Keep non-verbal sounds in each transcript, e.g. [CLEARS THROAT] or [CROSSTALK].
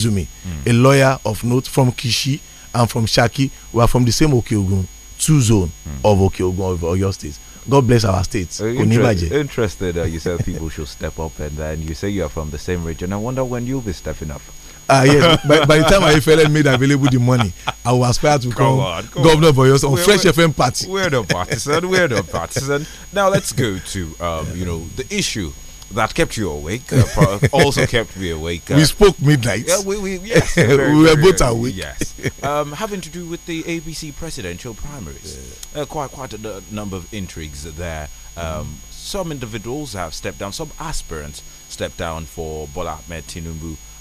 Zumi, mm. a lawyer of note from Kishi and from Shaki, were from the same Okeogun, two zone mm. of Okeogun of Oyo State. God bless our states. Uh, interest, interested, uh, you said people should step up, and then uh, you say you are from the same region. I wonder when you'll be stepping up. Ah, uh, yes. [LAUGHS] by, by, the time I fell and made available the money, I will aspire to come become governor for yours on we're, Fresh we're, FM party. We're the partisan. We're the partisan. [LAUGHS] Now let's go to um, you know the issue that kept you awake uh, [LAUGHS] also kept me awake. Uh, we spoke midnight. Yeah, we, we, yes, very, [LAUGHS] we were both awake. Yes, um, having to do with the ABC presidential primaries. Yeah. Uh, quite quite a number of intrigues there. Um, mm. Some individuals have stepped down. Some aspirants stepped down for Bola Ahmed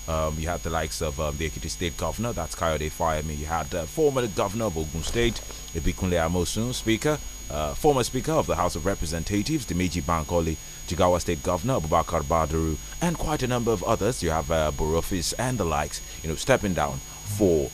Um, you had the likes of um, the Ekiti State Governor, that's Coyote Fireman. You had the uh, former Governor of Ogun State, Ibikunle Amosun, Speaker, uh, former Speaker of the House of Representatives, Dimeji Bankole, Jigawa State Governor Abubakar Badaru, and quite a number of others. You have uh, Borofis and the likes, you know, stepping down for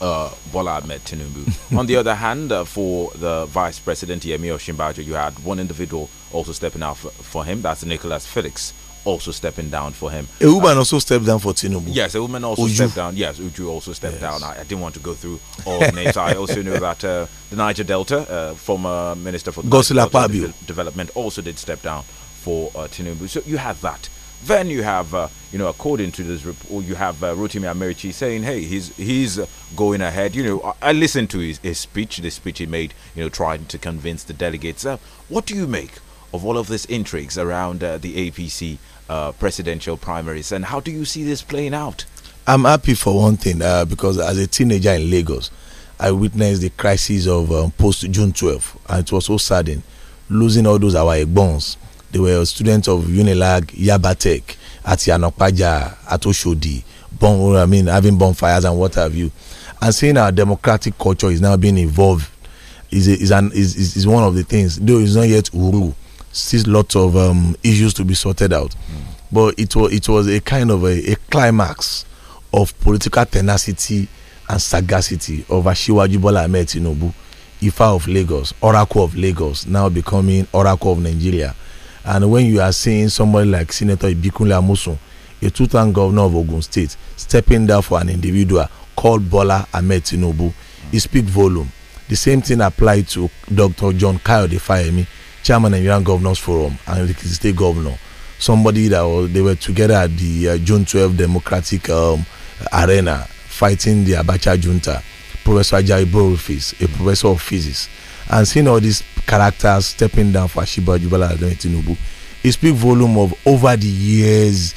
uh, Bola Ahmed Tinubu. [LAUGHS] On the other hand, uh, for the vice president Yemi Oshimbajo, you had one individual also stepping out for, for him. That's Nicholas Felix also stepping down for him. A woman uh, also stepped down for Tinubu. Yes, a woman also Uju. stepped down. Yes, Uju also stepped yes. down. I, I, didn't want to go through all the names. I also know that uh, the Niger Delta, uh, former minister for Gosila Pabio development, also did step down for uh, Tinubu. So you have that. Then you have, uh, you know, according to this report, you have uh, Rotimi Americhi saying, "Hey, he's he's going ahead." You know, I, I listened to his, his speech, the speech he made, you know, trying to convince the delegates. Uh, what do you make of all of these intrigues around uh, the APC uh, presidential primaries. And how do you see this playing out? I'm happy for one thing uh, because as a teenager in Lagos, I witnessed the crisis of um, post June 12, and it was so sudden, losing all those our bonds. They were students of Unilag, Yabatek, at Yanokpaja, at Oshodi, bon, I mean, having bonfires and what have you. And seeing our democratic culture is now being evolved is, a, is, an, is, is one of the things, though it's not yet Uru still lots of um, issues to be sorted out. Mm. But it was it was a kind of a, a climax of political tenacity and sagacity of Ashiwaju Bola Ahmed Tinubu, Ifa of Lagos, Oracle of Lagos, now becoming Oracle of Nigeria. And when you are seeing somebody like Senator Ibikunle Amusun, a two-time governor of Ogun State, stepping down for an individual called Bola Ahmed Tinubu, it speaks volume. The same thing applied to Dr. John Kyle Fayemi, chairman and Nigerian Governors Forum and the state governor, somebody that was, they were together at the uh, June 12 Democratic um, Arena fighting the Abacha junta, Professor Ajay Borufis, a professor of physics, and seeing all these characters stepping down for Ashiba Jubala Adoni Tinubu, it speaks volume of over the years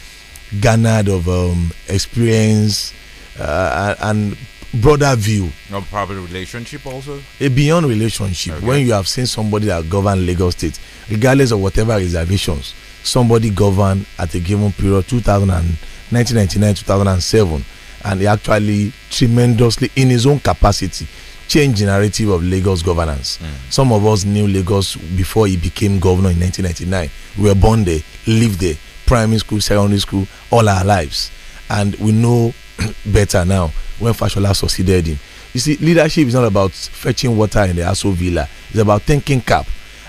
garnered of um, experience uh, and broader view. Not probably relationship also. A beyond relationship. Okay. When you have seen somebody that govern Lagos State, regardless of whatever reservations, somebody govern at a given period, 1999, 2007, and he actually tremendously in his own capacity changed the narrative of Lagos governance. Mm. Some of us knew Lagos before he became governor in 1999. We were born there, lived there, primary school, secondary school, all our lives, and we know [CLEARS THROAT] better now when Fashola succeeded him. You see, leadership is not about fetching water in the Aso Villa. It's about thinking cap.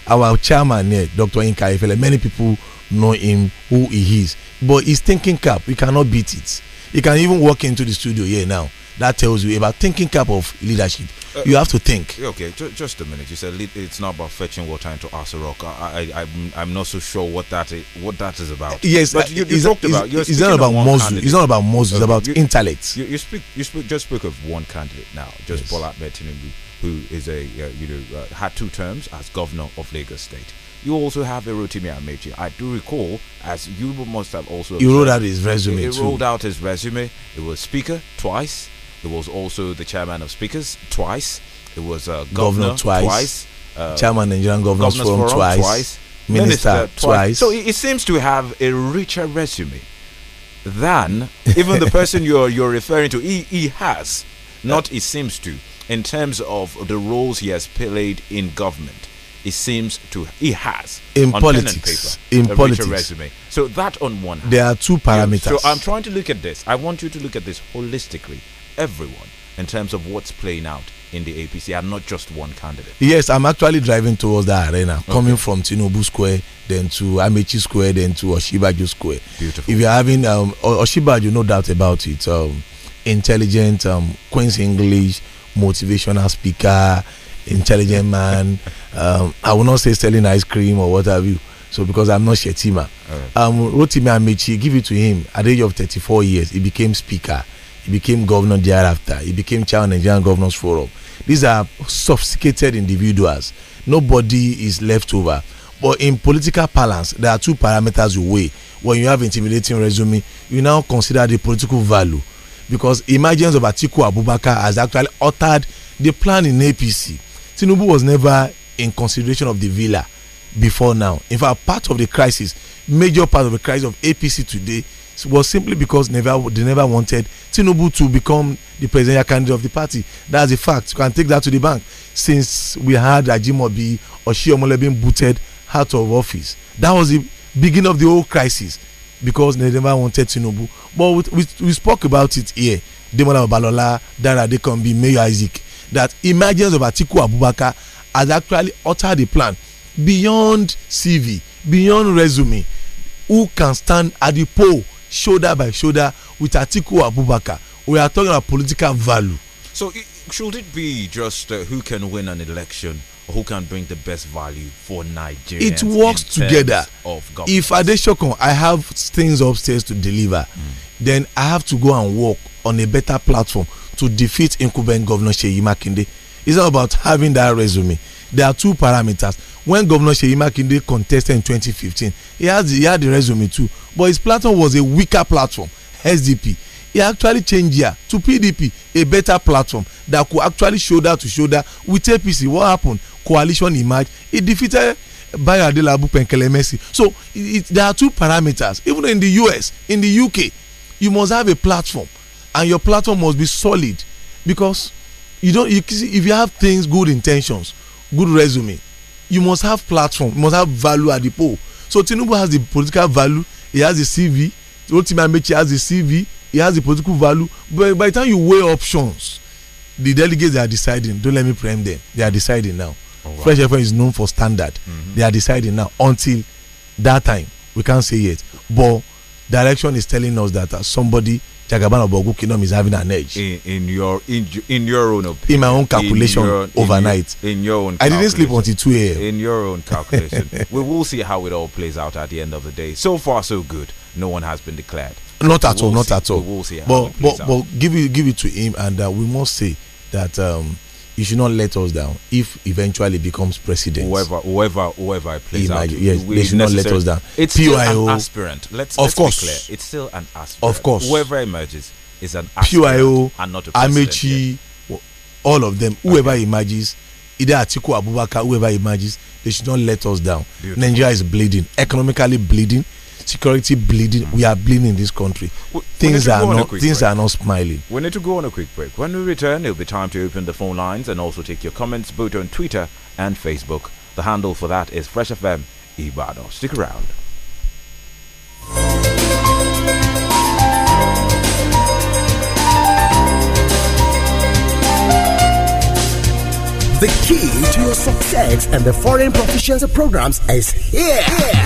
Our chairman here, Dr. Inka Efele, many people know him, who he is. But his thinking cap, we cannot beat it. You can even walk into the studio here now. That tells you about thinking cap of leadership. Uh, you have to think. Okay, ju just a minute. You said it's not about fetching water into Arsenal Rock. I, I, I'm, I'm, not so sure what that is, what that is about. Yes, but uh, you, you talked about. It's, it's, not about muscle. It's not about muscle. It's about intellect. You, you, speak. You speak. Just speak of one candidate now. Just yes. Bola who is a uh, you know uh, had two terms as governor of Lagos State you also have Erotimi Amechi. I do recall, as you must have also. He rolled out his resume. He, he rolled out his resume. It was Speaker twice. It was also the Chairman of Speakers twice. It was uh, governor, governor, twice. twice. Uh, chairman Nigerian Governors, Governors Forum, Forum twice. twice. Minister, twice. twice. So it seems to have a richer resume than [LAUGHS] even the person you're you're referring to. He, he has, not it seems to, in terms of the roles he has played in government. It seems to he has in politics paper, in politics resume. So that on one hand, there are two parameters. Yeah, so I'm trying to look at this. I want you to look at this holistically, everyone, in terms of what's playing out in the APC and not just one candidate. Yes, I'm actually driving towards that arena, okay. coming from Tinubu Square, then to Amechi Square, then to Oshibaju Square. Beautiful. If you're having um, Oshibaju, no doubt about it. Um, intelligent, um, Queen's English, motivational speaker intelligent man. Um, I will not say selling ice cream or what have you. So because I'm not Shetima. Right. Um, Rotimi Amechi, give it to him. At the age of 34 years, he became speaker. He became governor thereafter. He became chair of Nigerian Governors Forum. These are sophisticated individuals. Nobody is left over. But in political balance, there are two parameters you weigh. When you have intimidating resume, you now consider the political value. Because emergence of Atiku Abubakar has actually uttered the plan in APC Tinubu was never in consideration of the villa before now. In fact, part of the crisis, major part of the crisis of APC today was simply because never they never wanted Tinubu to become the presidential candidate of the party. That's a fact. You can take that to the bank. Since we had Ajimobi or Oshiomole being booted out of office, that was the beginning of the whole crisis because they never wanted Tinubu. But we, we, we spoke about it here. Demola Balola, Dara Dekombi, Mayor Isaac that emergence of Atiku Abubakar has actually altered the plan beyond CV, beyond resume. Who can stand at the pole shoulder by shoulder with Atiku Abubakar? We are talking about political value. So, should it be just uh, who can win an election? who can bring the best value for Nigeria. It works together. if Adeshokon, I have things upstairs to deliver, mm. then I have to go and work on a better platform to defeat incumbent Governor Sheyi Makinde. It's all about having that resume. There are two parameters. When Governor Sheyi Makinde contested in 2015, he had, the, he had the resume too, but his platform was a weaker platform, SDP. He actually changed here to PDP, a better platform that could actually shoulder to shoulder with APC. What happened? Coalition emerged. He defeated Bayo Adelabu Penkele Messi. So it, it, there are two parameters. Even in the US, in the UK, you must have a platform and your platform must be solid because you don't you, if you have things good intentions good resume you must have platform you must have value at the poll so tinubu has the political value he has the cv rotimi amechi has the cv he has the political value but by the time you weigh options the delegates are deciding don't let me prem them they are deciding now oh, wow. fresh fm is known for standard mm -hmm. they are deciding now until that time we can't say yet but direction is telling us that uh, somebody Jagaban Obogukinom is having an edge. In, in your in, in, your own opinion. In my own calculation in your, overnight. In your, own I didn't sleep until 2 a.m. In your own calculation. [LAUGHS] we will see how it all plays out at the end of the day. So far so good. No one has been declared. Not at we'll all, not at all. We will see but, but, out. but give it give it to him and uh, we must say that um, you should not let us down if eventually becomes president. Whoever, whoever, whoever I place out, yes, they should not let us down. It's still PIO, an aspirant. Let's, of let's course. be clear. It's still an aspirant. Of course. Whoever emerges is an aspirant PIO, and not a president. Amechi, all of them, whoever okay. emerges, either Atiku Abubakar, whoever emerges, they should not let us down. Beautiful. Nigeria is bleeding, economically bleeding security bleeding. We are bleeding in this country. things are not things break. are not smiling. We need to go on a quick break. When we return, it'll be time to open the phone lines and also take your comments both on Twitter and Facebook. The handle for that is Fresh FM Ibado. Stick around. The key to your success and the foreign proficiency programs is here. here.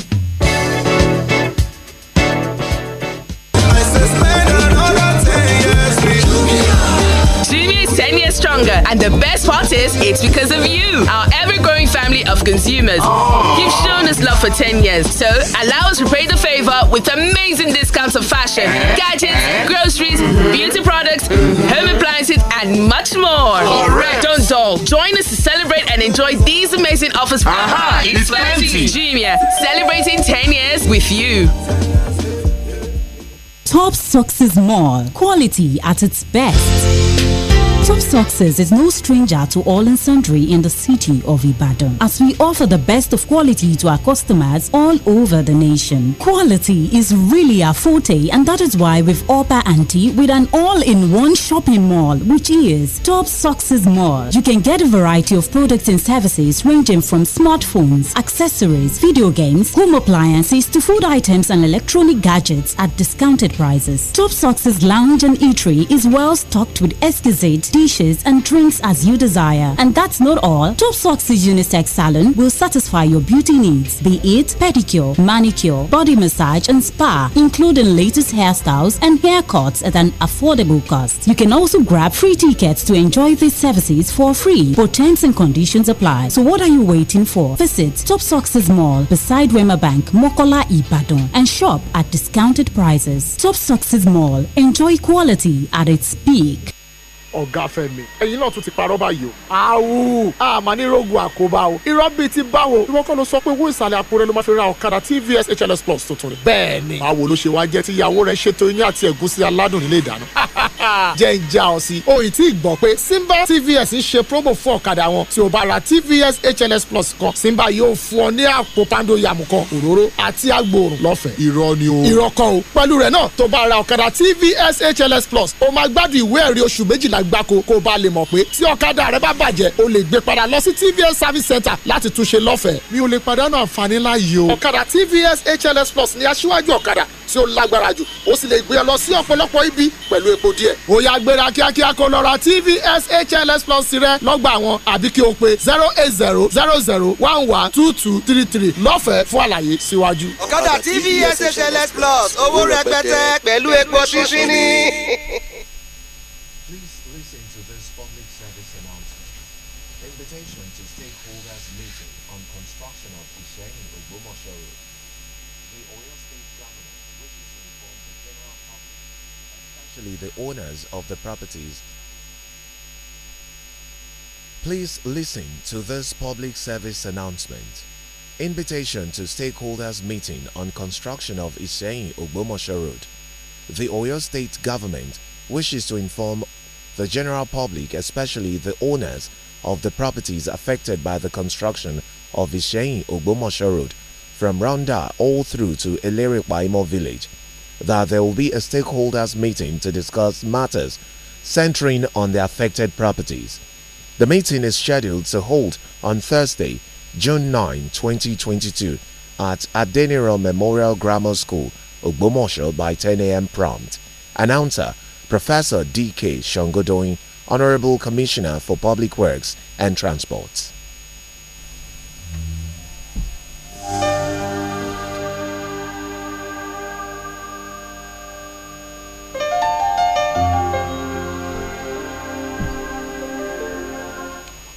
And the best part is, it's because of you, our ever growing family of consumers. Oh. You've shown us love for 10 years. So allow us to pay the favor with amazing discounts of fashion, gadgets, groceries, mm-hmm. beauty products, mm-hmm. home appliances, and much more. Don't dull. Join us to celebrate and enjoy these amazing offers. Aha, uh-huh. it's, it's plenty. celebrating 10 years with you. Top Success Mall. Quality at its best. Top Success is no stranger to all and sundry in the city of Ibadan, as we offer the best of quality to our customers all over the nation. Quality is really our forte, and that is why we've upper ante with an all-in-one shopping mall, which is Top Success Mall. You can get a variety of products and services ranging from smartphones, accessories, video games, home appliances to food items and electronic gadgets at discounted prices. Top Success Lounge and Eatery is well stocked with exquisite dishes and drinks as you desire. And that's not all. Top Soxy's Unisex Salon will satisfy your beauty needs, be it pedicure, manicure, body massage, and spa, including latest hairstyles and haircuts at an affordable cost. You can also grab free tickets to enjoy these services for free, but terms and conditions apply. So what are you waiting for? Visit Top Soxy's Mall beside Wema Bank, Mokola Ibadan, and shop at discounted prices. Top Soxy's Mall. Enjoy quality at its peak. ọ̀gá fẹ́mi ẹ̀yin náà tún ti parọ́ báyìí o. àwù àmà ní rogo àkóbá o irọ́ bíi ti báwo ìwọ kọ́ ló sọ pé owó ìsàlẹ̀ àpò rẹ ló máa fi ra ọ̀kadà tvs hls plus tuntun rẹ. bẹ́ẹ̀ni báwo ló ṣe wá jẹ́ tí ìyàwó rẹ ṣètò iyán àti ẹ̀gúsí aládùn nílé ìdáná. [LAUGHS] jẹ́ ń já ọ sí. o ì tí ì gbọ́ pé simba tvs ń ṣe promo fún ọ̀kadà wọn tí o bá ra tvs hls plus kan simba yóò fún ọ ní àpò pando yàmù kan òróró àti agbòòrùn lọ́fẹ̀ẹ́. irọ́ ni o. irọ́ kan o pẹ̀lú rẹ̀ náà tó bá ra ọ̀kadà tvs hls plus o máa gbádùn ìwé ẹ̀rí oṣù méjìlá gbáko kó o bá lè mọ̀ pé tí ọ̀kadà rẹ bá bàjẹ́ o lè gbé padà lọ sí tvs service center láti túnṣe lọ́fẹ̀ẹ́. mi ò lè pàdánù àǹfààní láàyè o. ọ̀kadà tvs hls plus ni aṣíwájú ọ̀kadà tí ó lágbára jù ó sì lè gbé ọ lọ sí ọ̀pọ̀lọpọ̀ ibi pẹ̀lú epo díẹ̀. ó yá gbéra kíákíá kó lọ ra tvs hls plus rẹ lọ́gbà wọn àbí kí o pe zero eight zero zero zero one one two two three three lọ́fẹ̀ẹ́ fún àlàyé síwájú. ọ̀kadà tvs hls plus owó rẹpẹtẹ pẹ̀lú epo ṣíṣí ní. the owners of the properties. Please listen to this public service announcement. Invitation to stakeholders meeting on construction of Iseyin Ogbomosho Road. The Oyo State government wishes to inform the general public, especially the owners of the properties affected by the construction of Iseyin Ogbomosho Road from Ronda all through to Ileripaimo village that there will be a stakeholders meeting to discuss matters centering on the affected properties. The meeting is scheduled to hold on Thursday, June 9, 2022 at Adeniro Memorial Grammar School, Ogbomosho by 10 a.m. prompt. Announcer Professor D.K. Shongodoin, Honorable Commissioner for Public Works and Transport.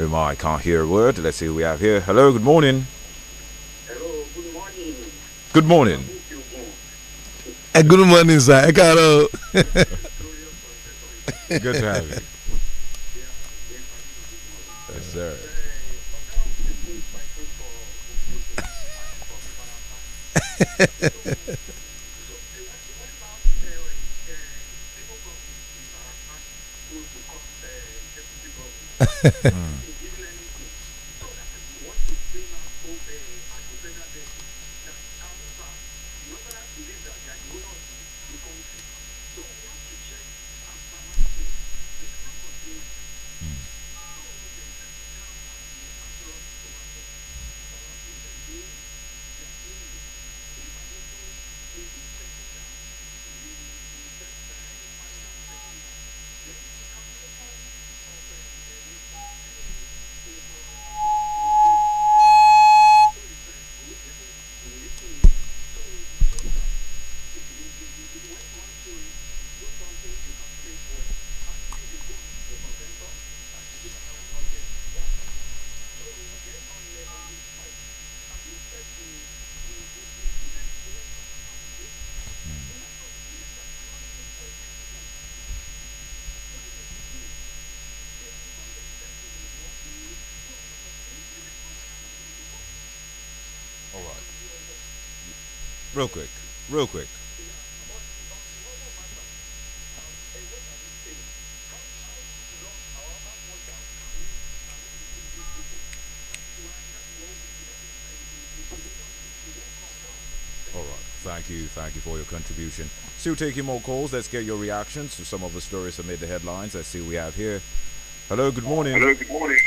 Oh my, I can't hear a word. Let's see who we have here. Hello, good morning. Hello, good morning. Good morning. Eh, good morning, sir. I eh, got [LAUGHS] Good to have you. Yes, sir. [LAUGHS] mm. Real quick. Real quick. Thank you, thank you for your contribution. Still taking more calls. Let's get your reactions to some of the stories that made the headlines. Let's see what we have here. Hello, good morning. Hello, good morning.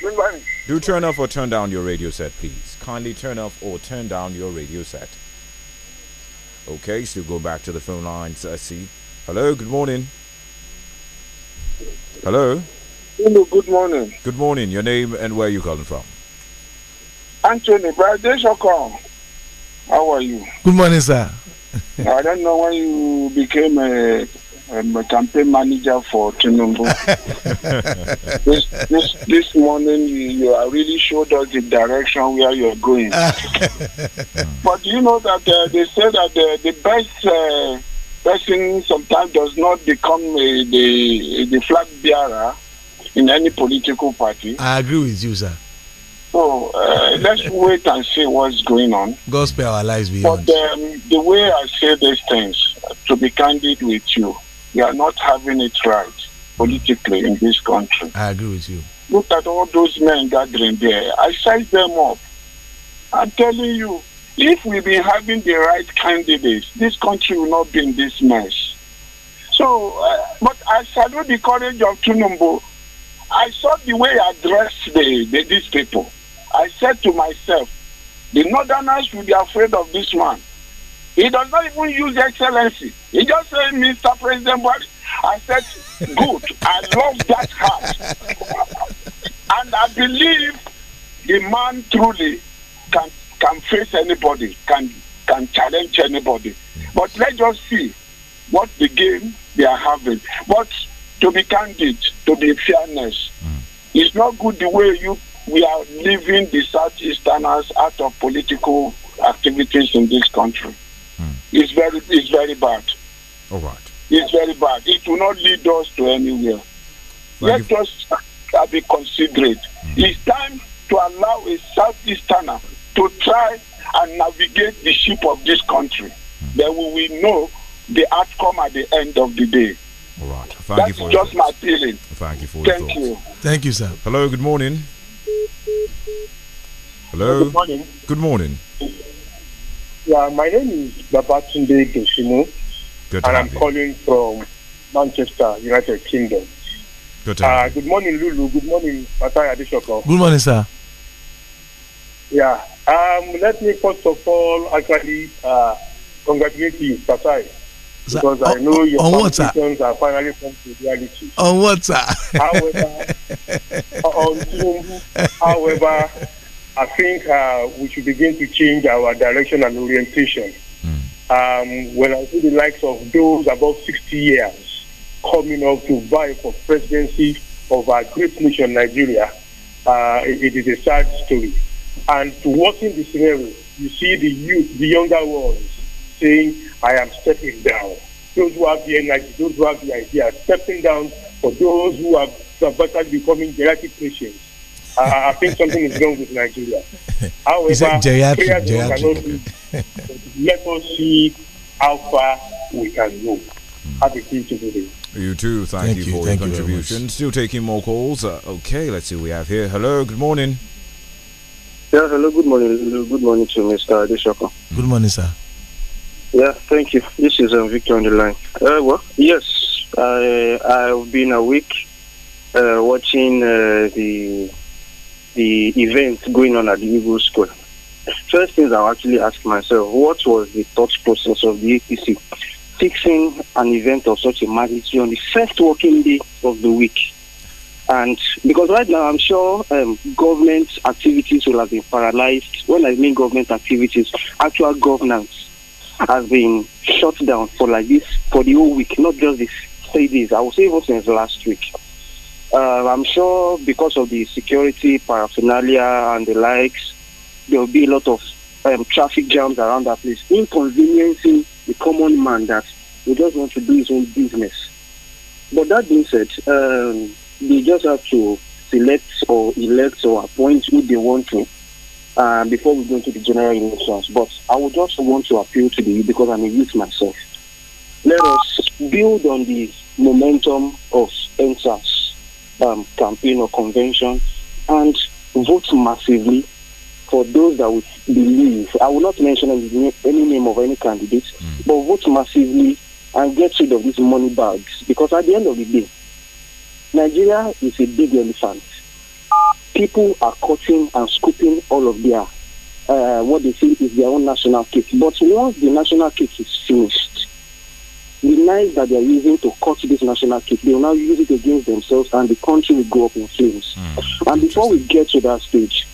Good morning. Do turn off or turn down your radio set, please. Kindly turn off or turn down your radio set. Okay, still go back to the phone lines. I see. Hello, good morning. Hello. Hello, good morning. Good morning. Your name and where are you calling from? Anthony Bradeshokon. How are you? Good morning, sir. I don't know when you became a um, a campaign manager for Tinubu. [LAUGHS] this, this, this morning, you, you are really showed us the direction where you're going. [LAUGHS] but you know that uh, they say that uh, the best uh, person sometimes does not become uh, the, uh, the flag bearer in any political party. I agree with you, sir. So uh, let's wait and see what's going on. Gospel our lives beyond. But um, the way I say these things, to be candid with you, they are not having it right politically in this country. I agree with you. Look at all those men gathering there. I size them up. I'm telling you, if we've been having the right candidates, this country will not be in this mess. So, uh, but I salute the courage of Tunumbu. I saw the way he addressed the, the, these people. I said to myself, the Northerners will be afraid of this man. He does not even use excellency. He just says, Mr. President Buhari. I said, good. I love that heart. and I believe the man truly can can face anybody, can can challenge anybody. But let's just see what the game they are having. But to be candid, to be fairness, mm. it's not good the way you we are leaving the Southeasterners out of political activities in this country. It's very, it's very bad. All right. It's very bad. It will not lead us to anywhere. Thank Let you. us uh, be considerate. Mm. It's time to allow a Southeasterner to try and navigate the ship of this country. Mm. Then we will know the outcome at the end of the day. All right. Thank That's you for just my feeling. Thank you for Thank thoughts. you. Thank you, sir. Hello, good morning. Hello. Good morning. Good morning. Yeah, my name is Babatunde Deshino, and I'm you. calling from Manchester, United Kingdom. Good, uh, good morning, Lulu. Good morning, Matai Adeshoko. Good morning, sir. Yeah, um, let me first of all actually uh, congratulate you, Matai. because on, I know your on what, are finally come to reality. On what, sir? However, [LAUGHS] on Zoom, however, I think uh, we should begin to change our direction and orientation. Hmm. Um, when I see the likes of those above 60 years coming up to vie for presidency of our great nation, Nigeria, uh, it, it is a sad story. And to worsen the scenario, you see the youth, the younger ones, saying, I am stepping down. Those who have the energy, those who have the idea, stepping down for those who have who becoming geriatric patients I, I think something is wrong with Nigeria. [LAUGHS] However, is that geriatric, let us see how far we can go. Hmm. Have a beautiful day. You too. Thank, thank you, you, for thank your you contribution. Still taking more calls. Uh, okay, let's see what we have here. Hello, good morning. Yeah, hello, good morning. Good morning to Mr. Adeshoko. Good morning, sir. Yeah, thank you. This is um, Victor on the line. Uh, well, yes, I, I've been a week uh, watching uh, the the events going on at the Eagle Square, first things i actually ask myself, what was the thought process of the APC fixing an event of such a magnitude on the first working day of the week? And because right now I'm sure um, government activities will have been paralyzed. When I mean government activities, actual governance has been shut down for like this for the whole week, not just this three days. I would say since last week. Uh, I'm sure because of the security paraphernalia and the likes, there will be a lot of um, traffic jams around that place, inconveniencing the common man that he just want to do his own business. But that being said, um, they just have to select or elect or appoint who they want to uh, before we go into the general elections. But I would just want to appeal to the youth because I'm a youth myself. Let us build on the momentum of NSAS um, campaign or convention and vote massively for those that we believe. I will not mention any, any name of any candidate, mm. but vote massively and get rid of these money bags because at the end of the day, Nigeria is a big elephant. People are cutting and scooping all of their uh, what they think is their own national cake. But once the national cake is finished, the knife that they are using to cut this national cake, they will now use it against themselves and the country will go up in flames. Mm, and before we get to that stage,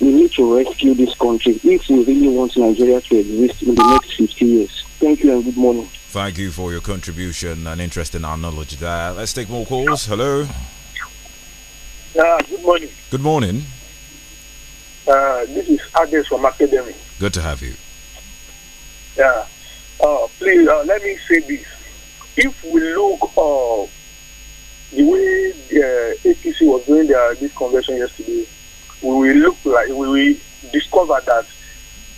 we need to rescue this country if we really want Nigeria to exist in the next 50 years. Thank you and good morning. Thank you for your contribution and interest in our knowledge there. Let's take more calls. Hello. Uh, good morning. Good morning. Uh, this is Ades from Academy. Good to have you. Yeah. Uh, please uh, let me say this. If we look uh, the way the uh, APC was doing their, this convention yesterday, we will look like we will discover that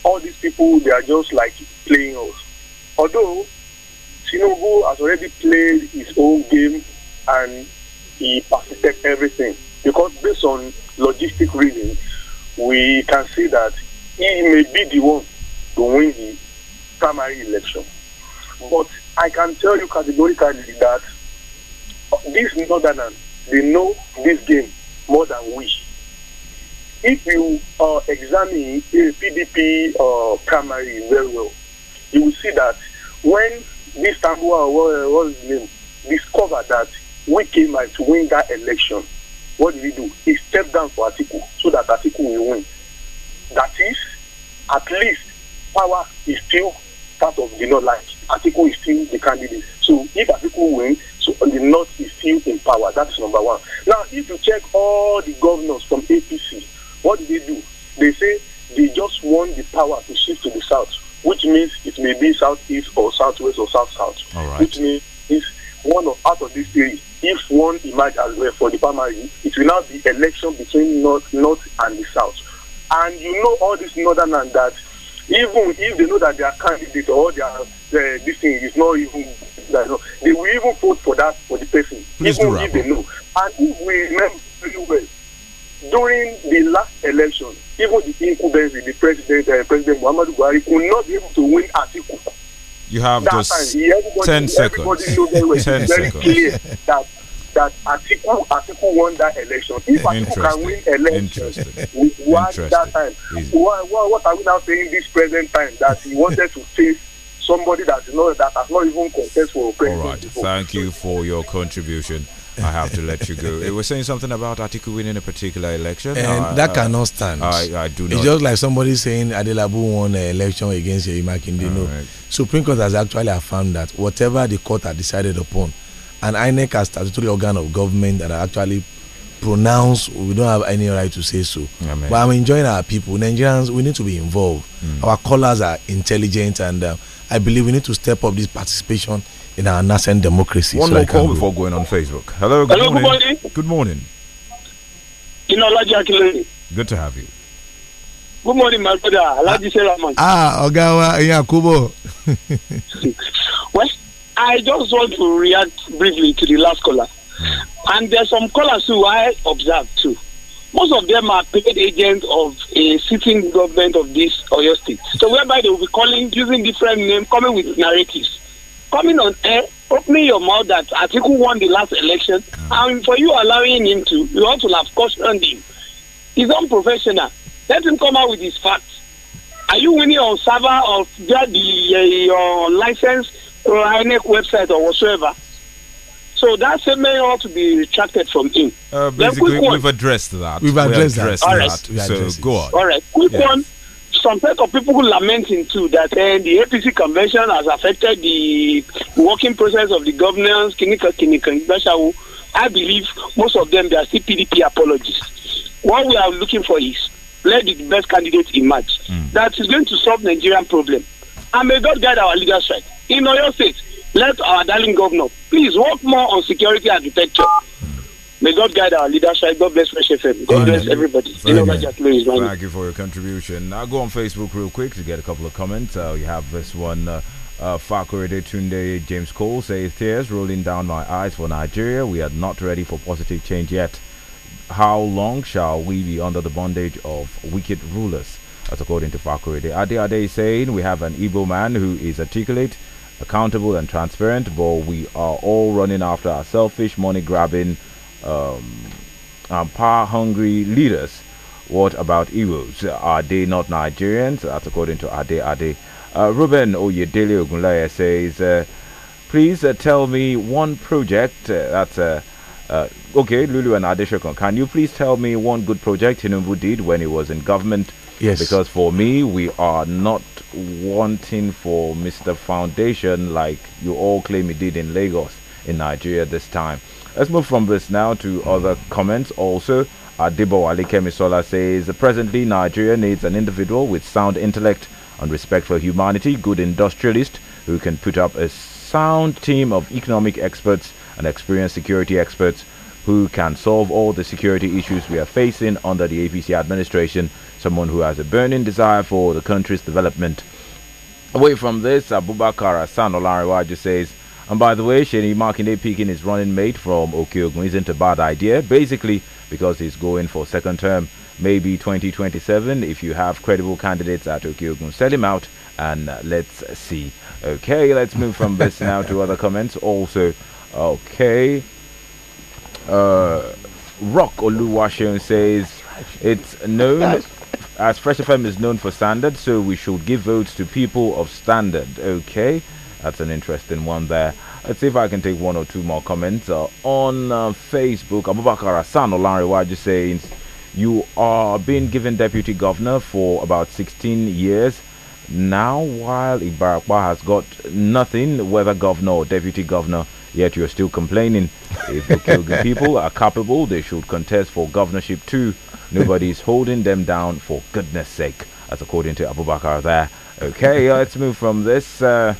all these people they are just like playing us. Although Tinubu has already played his own game and he perfected everything because based on logistic reasons, we can see that he may be the one to win the primary election. But I can tell you categorically that these northerners, they know this game more than we. If you uh, examine a uh, PDP uh, primary very well, you will see that when this Tambua, uh, what, uh, his name, discovered that we came out to win that election, what did he do? He stepped down for Atiku so that Atiku will win. That is, at least power is still part of the north line. Atiku is still the candidate. So if Atiku wins, so the north is still in power. That's number one. Now, if you check all the governors from APC, what did they do? They say they just want the power to shift to the south, which means it may be southeast or southwest or south south. Right. Which means one of out of these three, if one emerges as well for the primary, it will now be election between north, north and the south. And you know all this northern and that even if they know that their candidate or their uh, eh, this thing is not even they will even vote for that for the person Please even if they know and if we remember very well during the last election even the incumbent the president uh, president muhammadu buhari could not be able to win atiku you have that just time, 10 seconds very, [LAUGHS] 10 seconds. clear that that Atiku Atiku won that election. If Atiku can win elections with that time, why, why, what are we now saying this present time that he wanted to face somebody that you know that has not even contested for president? All right, before. thank you for your contribution. I have to let you go. It was saying something about Atiku winning a particular election. And uh, eh, that cannot stand. I, I do not. It's just like somebody saying Adelabu won an election against Yeri Makinde. No. Right. Supreme Court has actually found that whatever the court had decided upon, and INEC as statutory organ of government that are actually pronounced, we don't have any right to say so. Amen. But I'm enjoying our people. Nigerians, we need to be involved. Mm. Our colours are intelligent, and uh, I believe we need to step up this participation in our nascent democracy. One so more call go. before going on Facebook. Hello, good Hello, morning. Good morning. Good morning. Good to have you. Good morning, my brother. Alaji ah, Ah, Ogawa Yakubo. [LAUGHS] I just want to react briefly to the last caller. And there's some callers who I observe too. Most of them are paid agents of a sitting government of this Oyo state. So whereby they will be calling, using different names, coming with narratives. Coming on air, opening your mouth that Article won the last election, and for you allowing him to, you ought to have cautioned him. He's unprofessional. Let him come out with his facts. Are you winning on server of uh, the, uh, your license? INEC website or whatsoever. So that statement ought to be retracted from him. Uh, basically, we've addressed that. We've addressed, addressed that. All right. That. So go on. All right. Quick yes. one. Some people, of people lamenting too that uh, the APC convention has affected the working process of the governance. Kinika, Kinika, I believe most of them they are still PDP apologists. What we are looking for is let the best candidate emerge. Mm. That is going to solve Nigerian problem. And may God guide our leadership in Oyo State. Let our darling governor please work more on security architecture. May God guide our leadership. God bless Fresh FM. God Amen. bless everybody. Thank you for your contribution. I'll go on Facebook real quick to get a couple of comments. Uh, we have this one. Uh, uh, Fakorede Tunde James Cole says, Tears rolling down my eyes for Nigeria. We are not ready for positive change yet. How long shall we be under the bondage of wicked rulers? That's according to Fakorede. Ade Ade is saying, We have an evil man who is articulate accountable and transparent, but we are all running after our selfish, money grabbing, um, um power hungry leaders. What about Igbos? Are they not Nigerians? That's according to Ade Ade. Uh, Ruben Oyedele Ogunleye says, uh, Please uh, tell me one project uh, that's. Uh, uh, okay, Lulu and Adeshokon, can you please tell me one good project Tinubu did when he was in government Yes. Because for me, we are not wanting for Mr. Foundation like you all claim he did in Lagos, in Nigeria this time. Let's move from this now to other comments also. Adibo Ali Kemisola says, Presently, Nigeria needs an individual with sound intellect and respect for humanity, good industrialist who can put up a sound team of economic experts and experienced security experts who can solve all the security issues we are facing under the APC administration someone who has a burning desire for the country's development. Away from this, Abubakar Hassan Olariwaju says, and by the way, Sheni Makinde picking his running mate from Okigun isn't a bad idea, basically because he's going for second term, maybe 2027. If you have credible candidates at Okeogun, sell him out and let's see. Okay, let's move from this [LAUGHS] now to other comments. Also, okay, uh, Rock Oluwashun says it's known as Fresh FM is known for standard, so we should give votes to people of standard. Okay, that's an interesting one there. Let's see if I can take one or two more comments uh, on uh, Facebook. Abubakar Hassan Olariwaju saying, "You are being given deputy governor for about 16 years." Now, while Ibarakwa has got nothing, whether governor or deputy governor, yet you're still complaining. If the people are capable, they should contest for governorship too. Nobody's holding them down for goodness sake. That's according to Abu Bakr there. Okay, uh, let's move from this. Uh,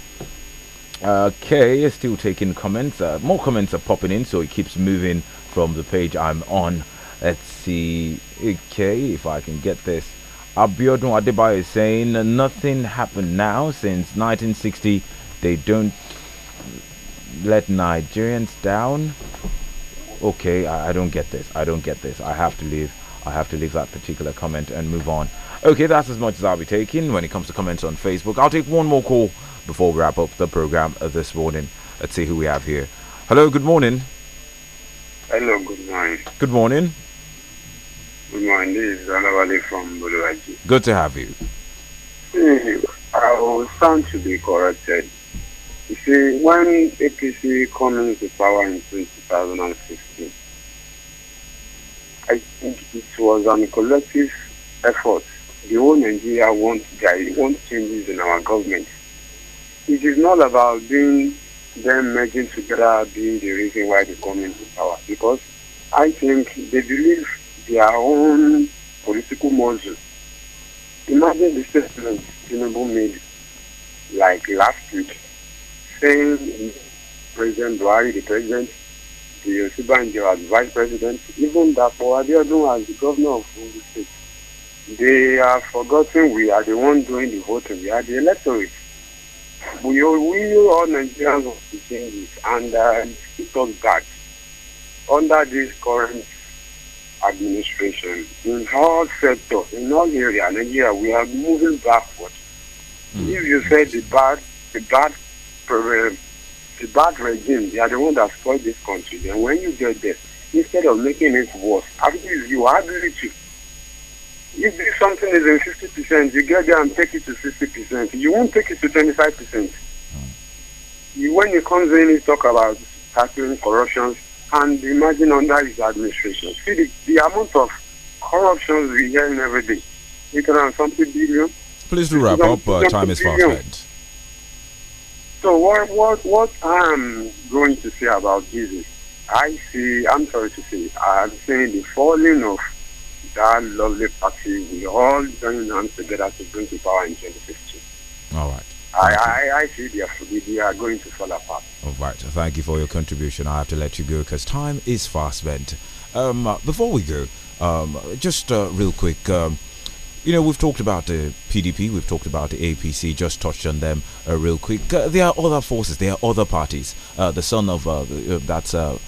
okay, still taking comments. Uh, more comments are popping in, so it keeps moving from the page I'm on. Let's see. Okay, if I can get this. Abiodun Adebayo is saying nothing happened now since 1960. They don't let Nigerians down. Okay, I, I, don't get this. I don't get this. I have to leave. I have to leave that particular comment and move on. Okay, that's as much as I'll be taking when it comes to comments on Facebook. I'll take one more call before we wrap up the program this morning. Let's see who we have here. Hello, good morning. Hello, good morning. Good morning. Good morning. This is Anavali from Buluwaji. Good to have you. See, our sound should be corrected. You see, when APC came into power in 2016, I think it was a collective effort. The whole Nigeria wants want changes in our government. It is not about being them merging together being the reason why they come into power because I think they believe their own political muscle. Imagine the statement Tinubu made like last week saying President Buhari, the president, the Osibanjo as vice president, even that for doing as the governor of the state. They are forgotten we are the ones doing the voting, we are the electorate. We, all, we all Nigerians want to change and uh, it was that under this current administration, in all sectors, in all areas, Nigeria, we are moving backwards. Mm. If you say the bad, the bad uh, the bad regime, they are the ones that spoil this country. And when you get there, instead of making it worse, abuse you, abuse you. If something is in 50%, you get there and take it to 60%. You won't take it to 25%. You, when it comes in, you talk about tackling corruption and imagine under his administration. See, the, the amount of corruption we hear in every day, it around something billion. Please do wrap up. Uh, time is fast spent. So what what what I'm going to say about Jesus, I see. I'm sorry to say, I'm saying the falling of that lovely party. We all join hands together to bring to power in 2015. All right. I, I, I see they are, they are going to fall apart. All right. Thank you for your contribution. I have to let you go because time is fast spent. Um, before we go, um, just uh, real quick. Um, you know, we've talked about the PDP, we've talked about the APC, just touched on them uh, real quick. Uh, there are other forces, there are other parties. Uh, the son of uh, uh that's uh,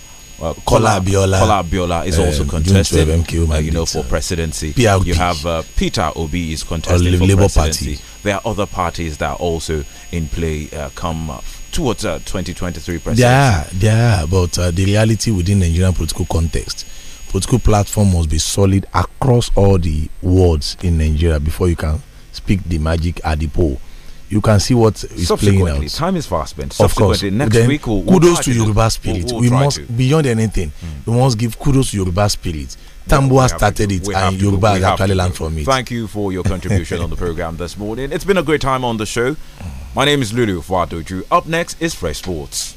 uh, Kola, Biola, Kola Biola is um, also contesting. MKO, uh, you know, for uh, presidency. PRP. You have uh, Peter Obi is contesting for presidency. Party. There are other parties that are also in play come towards 2023 presidency. Yeah, yeah, but the reality within the Nigerian political context political platform must be solid across all the wards in Nigeria before you can speak the magic at the poll. You can see what is playing out. Time is fast spent. Of course. Next then, week, we'll, kudos to Yoruba spirit. We'll, we'll we must to. beyond anything. Mm. We must give kudos to Yoruba spirit. Tambo has started to, it and Yoruba has actually learned from it. Thank you for your contribution on the [LAUGHS] program this morning. It's been a great time on the show. My name is Lulu Fadoju. Up next is Fresh Sports.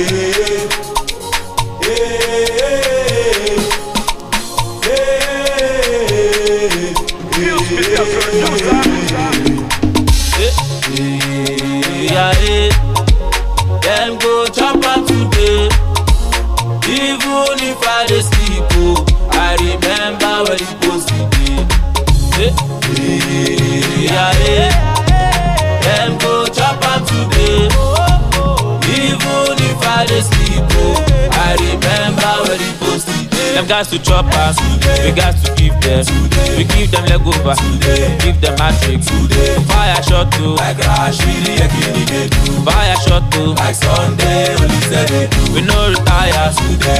got to chop us, we got to give them. We give them leg over. give them matrix. Fire shot to like Rashidi Akini Fire shot to like Sunday Olise they do. We no retire,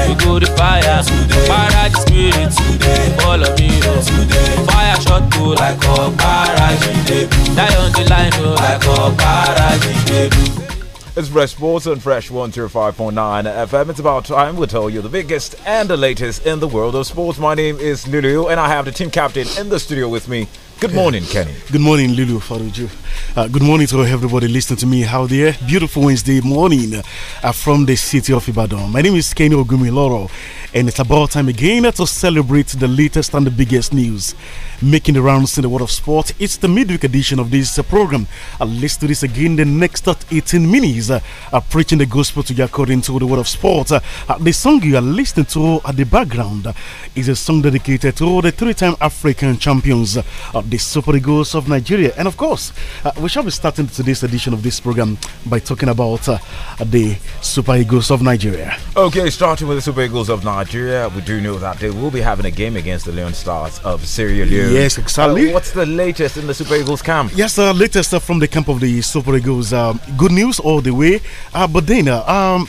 we go to fire. Fire the spirit, all of me. Today. Fire shot to like Obaraji they Die on the line, oh. like Obaraji they It's Fresh Sports and Fresh 105.9 FM. It's about time we tell you the biggest and the latest in the world of sports. My name is Lulu, and I have the team captain in the studio with me. Good morning, uh, Kenny. Good morning, Lulu Faruju. Uh, good morning to everybody listening to me. How there? Beautiful Wednesday morning uh, from the city of Ibadan. My name is Kenny Ogumiloro and it's about time again to celebrate the latest and the biggest news making the rounds in the world of sport. It's the midweek edition of this program. i uh, let's do this again the next 18 minutes, uh, uh, preaching the gospel to you according to the world of sport. Uh, the song you are listening to at the background is a song dedicated to the three time African champions, of the Super Eagles of Nigeria. And of course, we shall be starting today's edition of this program by talking about the Super Eagles of Nigeria. Okay, starting with the Super Eagles of Nigeria. Nigeria. We do know that they will be having a game against the Leon Stars of Sierra Leone. Yes, exactly. Uh, what's the latest in the Super Eagles camp? Yes, the uh, latest from the camp of the Super Eagles. Um, good news all the way. Uh, but then, uh, um,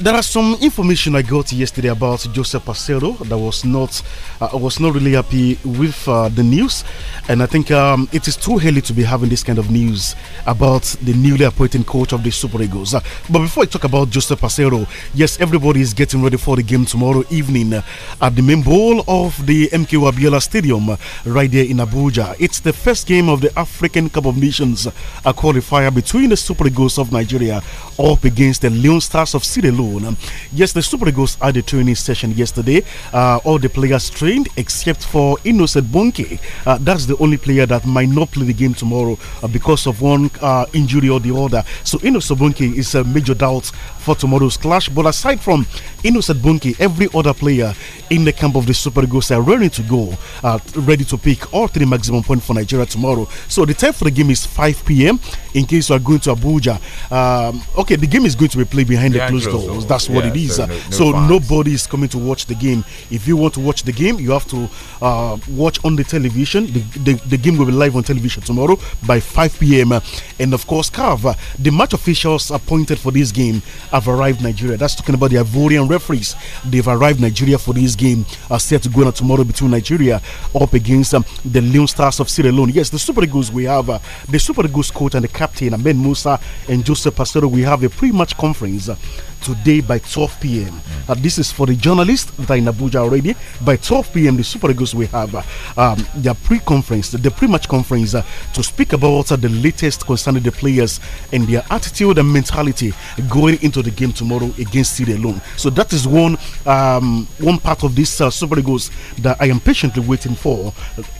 there are some information I got yesterday about Joseph Pacero that was not uh, was not really happy with uh, the news, and I think um, it is too early to be having this kind of news about the newly appointed coach of the Super Eagles. Uh, but before I talk about Joseph Pacero, yes, everybody is getting ready for the game tomorrow evening uh, at the main bowl of the MK Wabiola Stadium uh, right there in Abuja. It's the first game of the African Cup of Nations qualifier between the Super Eagles of Nigeria up against the Lion Stars of Sidelo. Um, yes, the Super Eagles had a training session yesterday. Uh, all the players trained except for Innocent Bonke. Uh, that's the only player that might not play the game tomorrow uh, because of one uh, injury or the other. So Innocent Bonke is a major doubt for tomorrow's clash. But aside from Innocent Bunky, every other player in the camp of the Super Eagles are ready to go, uh, ready to pick all three maximum points for Nigeria tomorrow. So the time for the game is 5 p.m. In case you are going to Abuja, um, okay, the game is going to be played behind the closed doors. That's what yeah, it is. So, uh, no, no so nobody is coming to watch the game. If you want to watch the game, you have to uh, watch on the television. The, the, the, game will be live on television tomorrow by 5 p.m. And of course, Carver, uh, the match officials appointed for this game have arrived Nigeria. That's talking about the Ivorian referees. They've arrived Nigeria for this game uh, set to go on tomorrow between Nigeria up against um, the Leon Stars of Sierra Leone. Yes, the Super Eagles, we have uh, the Super Eagles coach and the captain, Ahmed Musa and Joseph Pastero. We have a pre-match conference. Uh, today by 12 p.m. Uh, this is for the journalists that are in Abuja already. By 12 p.m., the Super Eagles will have uh, um, their pre-conference, the pre-match conference, uh, to speak about uh, the latest concerning the players and their attitude and mentality going into the game tomorrow against City alone. So that is one um, one part of this uh, Super Eagles that I am patiently waiting for.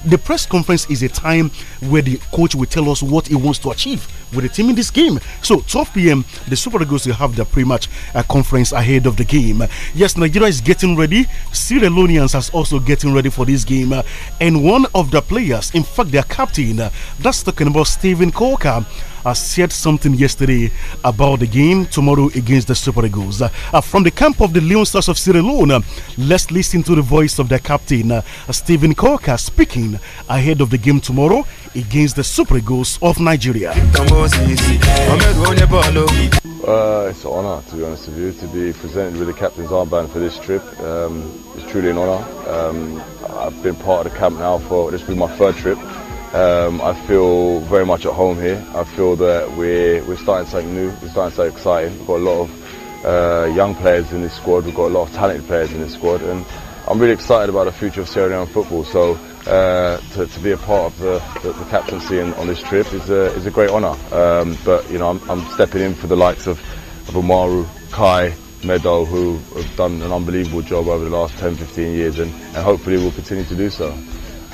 The press conference is a time where the coach will tell us what he wants to achieve with the team in this game. So 12 p.m., the Super Eagles will have their pre-match uh, conference ahead of the game. Yes, Nigeria is getting ready. Sierra Leoneans are also getting ready for this game. and one of the players, in fact, their captain, that's talking about Stephen Corker uh, said something yesterday about the game tomorrow against the Super Eagles. Uh, from the camp of the Leon Stars of Sierra Leone, uh, let's listen to the voice of their captain, uh, Stephen Corker, speaking ahead of the game tomorrow against the Super Eagles of Nigeria. Uh, it's an honour, to be honest with you, to be presented with the captain's armband for this trip. Um, it's truly an honour. Um, I've been part of the camp now for this will be my third trip. Um, I feel very much at home here. I feel that we're, we're starting something new, we're starting something exciting. We've got a lot of uh, young players in this squad, we've got a lot of talented players in this squad, and I'm really excited about the future of Sierra Leone football. So uh, to, to, be a part of the, the, the captaincy in, on this trip is a, is a great honour. Um, but, you know, I'm, I'm, stepping in for the likes of, of Umaru, Kai, Meadow, who have done an unbelievable job over the last 10, 15 years, and, and hopefully will continue to do so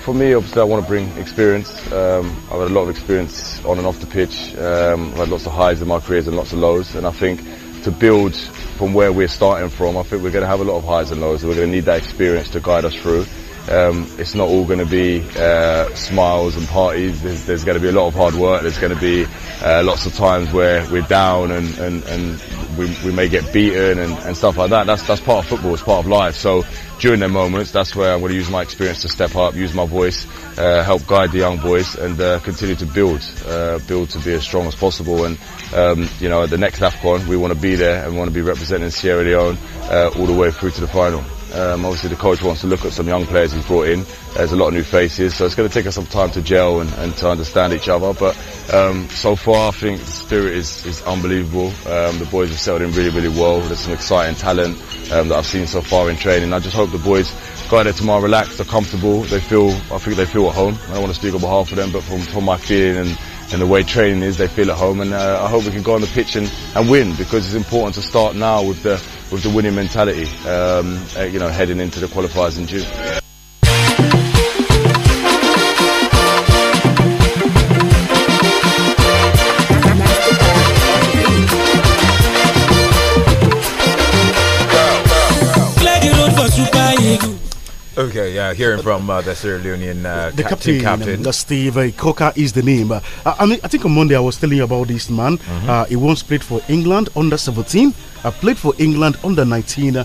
for me, obviously, I want to bring experience. Um, I've had a lot of experience on and off the pitch. Um, I've had lots of highs in my careers and lots of lows. And I think to build from where we're starting from, I think we're going to have a lot of highs and lows. And we're going to need that experience to guide us through. Um, it's not all going to be uh, smiles and parties. There's, there's, going to be a lot of hard work. There's going to be uh, lots of times where we're down and, and, and we, we may get beaten and, and stuff like that. That's, that's part of football. It's part of life. So during their moments, that's where I'm going to use my experience to step up, use my voice, uh, help guide the young boys, and uh, continue to build, uh, build to be as strong as possible. And um, you know, at the next Afcon, we want to be there and we want to be representing Sierra Leone uh, all the way through to the final. Um, obviously, the coach wants to look at some young players he's brought in. There's a lot of new faces, so it's going to take us some time to gel and, and to understand each other. But um, so far, I think the spirit is, is unbelievable. Um, the boys have settled in really, really well. There's some exciting talent um, that I've seen so far in training. I just hope the boys go out there tomorrow relaxed, they're comfortable, they feel, I think they feel at home. I don't want to speak on behalf of them, but from, from my feeling and and the way training is, they feel at home. And uh, I hope we can go on the pitch and, and win because it's important to start now with the with the winning mentality. Um, uh, you know, heading into the qualifiers in June. uh, hearing from uh, the Sierra Leonean uh, the captain, captain. Um, Steve uh, Coca is the name. Uh, I, I think on Monday I was telling you about this man. Mm -hmm. he won't split for England under 17 I played for England under 19, I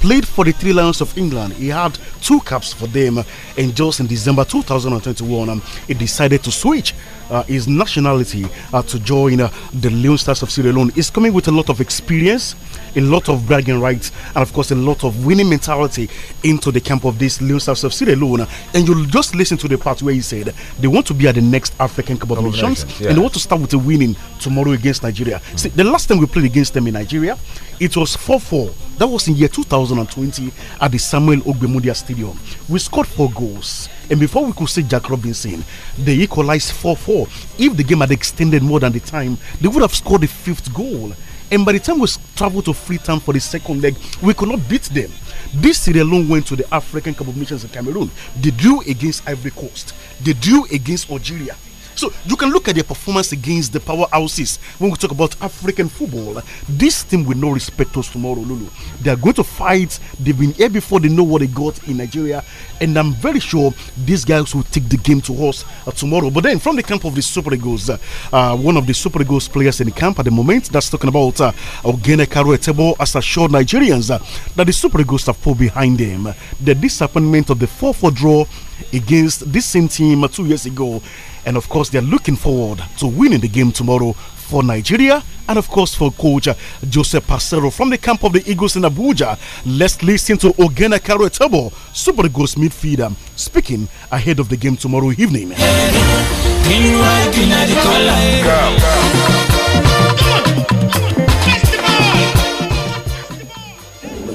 played for the Three Lions of England. He had two caps for them, and just in December 2021, um, he decided to switch uh, his nationality uh, to join uh, the Leon Stars of Sierra Leone. He's coming with a lot of experience, a lot of bragging rights, and of course, a lot of winning mentality into the camp of this Leon Stars of Sierra Leone. And you'll just listen to the part where he said they want to be at the next African Cup of Nations yeah. and they want to start with a winning tomorrow against Nigeria. Mm See, the last time we played against them in Nigeria, it was 4 4. That was in year 2020 at the Samuel Ogbemudia Stadium. We scored four goals. And before we could see Jack Robinson, they equalized 4 4. If the game had extended more than the time, they would have scored the fifth goal. And by the time we traveled to Freetown for the second leg, we could not beat them. This series alone went to the African Cup of Nations in Cameroon. They drew against Ivory Coast. They drew against Algeria. So you can look at their performance against the powerhouses when we talk about African football. This team will not respect us tomorrow, Lulu. They are going to fight. They've been here before. They know what they got in Nigeria, and I'm very sure these guys will take the game to us uh, tomorrow. But then, from the camp of the Super Eagles, uh, uh, one of the Super Eagles players in the camp at the moment that's talking about uh, Ogene Karuetebo has assured Nigerians uh, that the Super Eagles have put behind them the disappointment of the 4-4 draw against this same team two years ago and of course, they're looking forward to winning the game tomorrow for Nigeria and of course for coach Joseph Pacero from the camp of the Eagles in Abuja. Let's listen to Ogena Karoetobo, Super Eagles midfielder, speaking ahead of the game tomorrow evening. The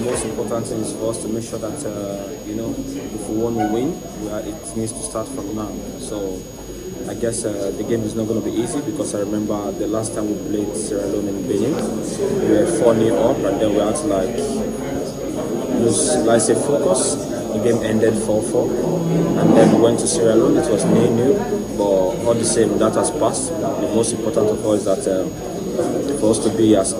most important thing is for us to make sure that uh, you know if we want to win, it needs to start from now. So I guess uh, the game is not going to be easy because I remember the last time we played Sierra Leone in Benin, we were 4 0 up and then we had to like lose, like say, focus. The game ended 4 4. And then we went to Sierra Leone, it was near new, but all the same, that has passed. The most important of all is that uh, for us to be as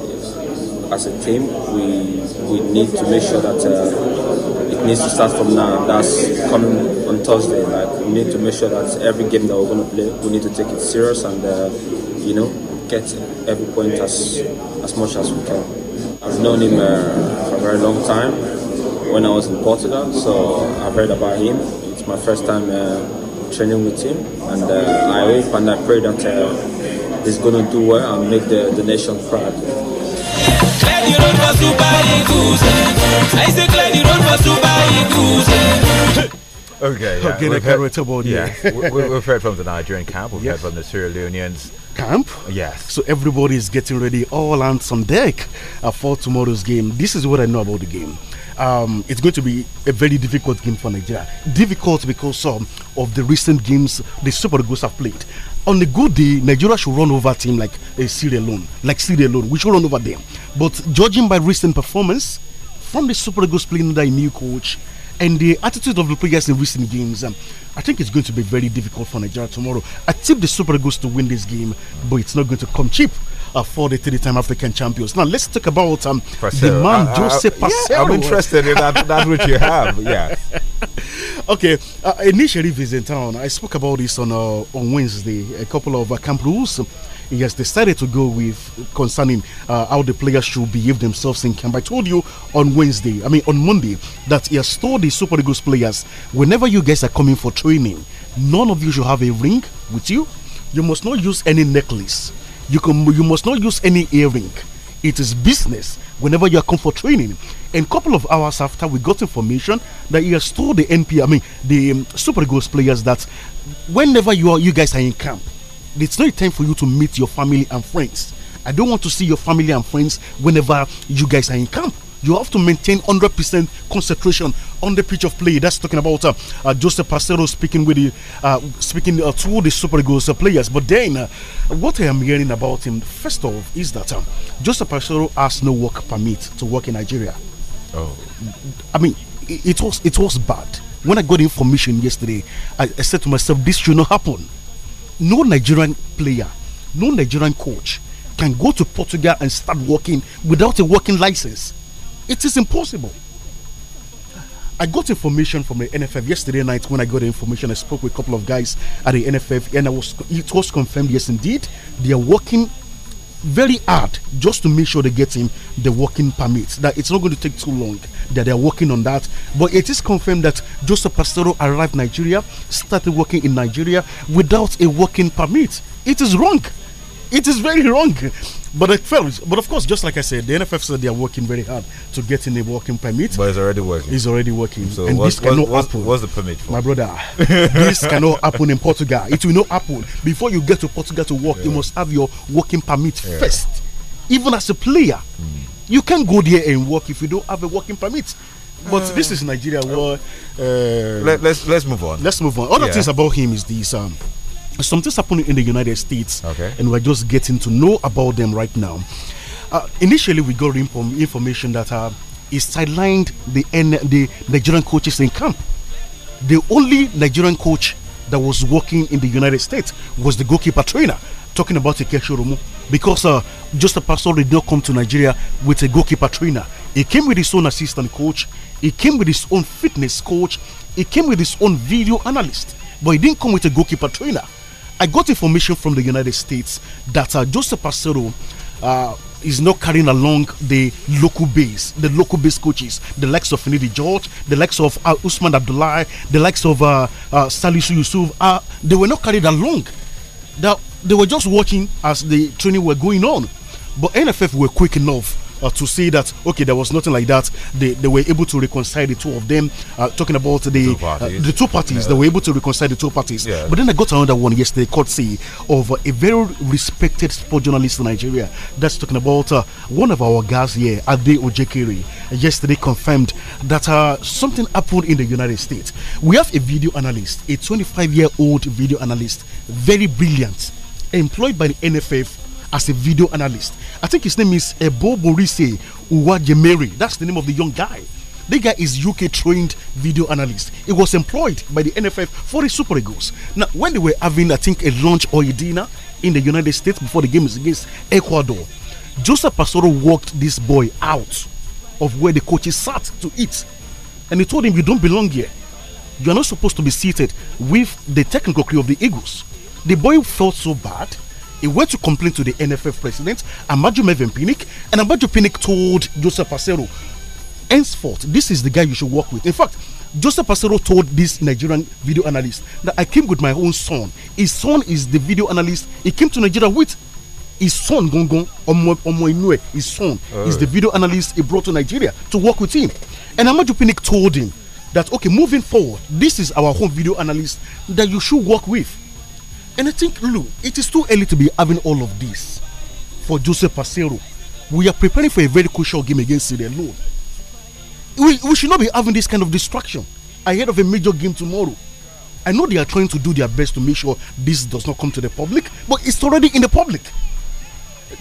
as a team, we we need to make sure that uh, it needs to start from now. That's coming on Thursday. Like we need to make sure that every game that we're going to play, we need to take it serious and uh, you know get every point as as much as we can. I've known him uh, for a very long time when I was in Portugal, so I've heard about him. It's my first time uh, training with him, and uh, I hope and I pray that uh, he's going to do well and make the, the nation proud. Clear the road for super eagles. Eh. I say clear the road for super eagles. Eh. [LAUGHS] Okay, yeah. Again, we've, heard, yeah. we, have heard from the Nigerian camp, we've yes. heard from the Sierra Leoneans. Camp? Yes. So everybody is getting ready, all hands on deck uh, for tomorrow's game. This is what I know about the game. Um, it's going to be a very difficult game for Nigeria. Difficult because um, of the recent games the Super Eagles have played on a good day, Nigeria should run over a team like a Syria alone, like Syria alone. We should run over them. But judging by recent performance from the Super Eagles playing under a new coach and the attitude of the players in recent games, um, I think it's going to be very difficult for Nigeria tomorrow. I tip the Super Eagles to win this game, but it's not going to come cheap. 43 the time African champions. Now let's talk about um, the man I, Jose Pacero. Yeah, I'm interested in that, that which you have. Yeah. [LAUGHS] okay, uh, initially in town. I spoke about this on uh, on Wednesday. A couple of uh, camp rules he has decided to go with concerning uh, how the players should behave themselves in camp. I told you on Wednesday, I mean on Monday, that he has told the Super Eagles players, whenever you guys are coming for training, none of you should have a ring with you. You must not use any necklace you can you must not use any earring. It is business whenever you come for training. And a couple of hours after, we got information that he has told the NP, I mean, the um, Super Eagles players that whenever you are, you guys are in camp, it's not a time for you to meet your family and friends. I don't want to see your family and friends whenever you guys are in camp you have to maintain 100% concentration on the pitch of play. That's talking about uh, uh, Joseph Pacero speaking with the uh, speaking uh, to the Super Eagles uh, players. But then, uh, what I am hearing about him first off is that um, Joseph Pacero has no work permit to work in Nigeria. Oh, I mean, it, it was it was bad. When I got information yesterday, I, I said to myself, this should not happen. No Nigerian player, no Nigerian coach can go to Portugal and start working without a working license. It is impossible. I got information from the NFF yesterday night. When I got the information, I spoke with a couple of guys at the NFF, and I was it was confirmed. Yes, indeed, they are working very hard just to make sure they get him the working permit. That it's not going to take too long. That they are working on that. But it is confirmed that Joseph Pastoro arrived Nigeria, started working in Nigeria without a working permit. It is wrong it is very wrong. But it fell. But of course, just like I said, the NFF said they are working very hard to get in a working permit. But it's already working. It's already working. So and this cannot what's, happen. What's the permit for? My brother, this cannot happen in Portugal. It will not happen. Before you get to Portugal to work, yeah. you must have your working permit yeah. first. Even as a player, mm. you can't go there and work if you don't have a working permit. But uh, this is Nigeria. Well, uh, let, us let's, let's move on. Let's move on. Other yeah. things about him is this. Um, something's happening in the United States, okay. and we're just getting to know about them right now. Uh, initially, we got inform information that uh, he sidelined the, N the Nigerian coaches in camp. The only Nigerian coach that was working in the United States was the goalkeeper trainer, talking about Ikechi Romo, because uh, just a pastor did not come to Nigeria with a goalkeeper trainer. He came with his own assistant coach, he came with his own fitness coach, he came with his own video analyst, but he didn't come with a goalkeeper trainer. I got information from the United States that uh, Joseph Pacero uh, is not carrying along the local base, the local base coaches, the likes of Nidi George, the likes of uh, Usman Abdullah, the likes of uh, uh, Salisu Yusuf. Uh, they were not carried along. They, they were just watching as the training were going on. But NFF were quick enough uh, to see that okay, there was nothing like that. They they were able to reconcile the two of them. Uh, talking about the two uh, parties. the two parties, yeah. they were able to reconcile the two parties. Yeah. But then I got another one yesterday, courtesy of a very respected sport journalist in Nigeria. That's talking about uh, one of our guys here, Ade Ojekiri. Yesterday confirmed that uh, something happened in the United States. We have a video analyst, a 25 year old video analyst, very brilliant, employed by the NFF as a video analyst. I think his name is Ebo Borise Uwajemeri. That's the name of the young guy. The guy is UK trained video analyst. He was employed by the NFF for the Super Eagles. Now, when they were having, I think, a lunch or a dinner in the United States before the game is against Ecuador, Joseph Pastoro walked this boy out of where the coaches sat to eat. And he told him, You don't belong here. You are not supposed to be seated with the technical crew of the Eagles. The boy felt so bad he went to complain to the NFF president, Amaju Mevin Pinnick, and Amaju Pinnick told Joseph Asero, henceforth, this is the guy you should work with. In fact, Joseph Asero told this Nigerian video analyst that I came with my own son. His son is the video analyst. He came to Nigeria with his son Gongon Omoinue, his son, is oh. the video analyst he brought to Nigeria to work with him. And Amaju Pinnick told him that, okay, moving forward, this is our home video analyst that you should work with. And I think, look, it is too early to be having all of this for Joseph Pacero. We are preparing for a very crucial game against Sierra Leone. We, we should not be having this kind of distraction ahead of a major game tomorrow. I know they are trying to do their best to make sure this does not come to the public, but it's already in the public.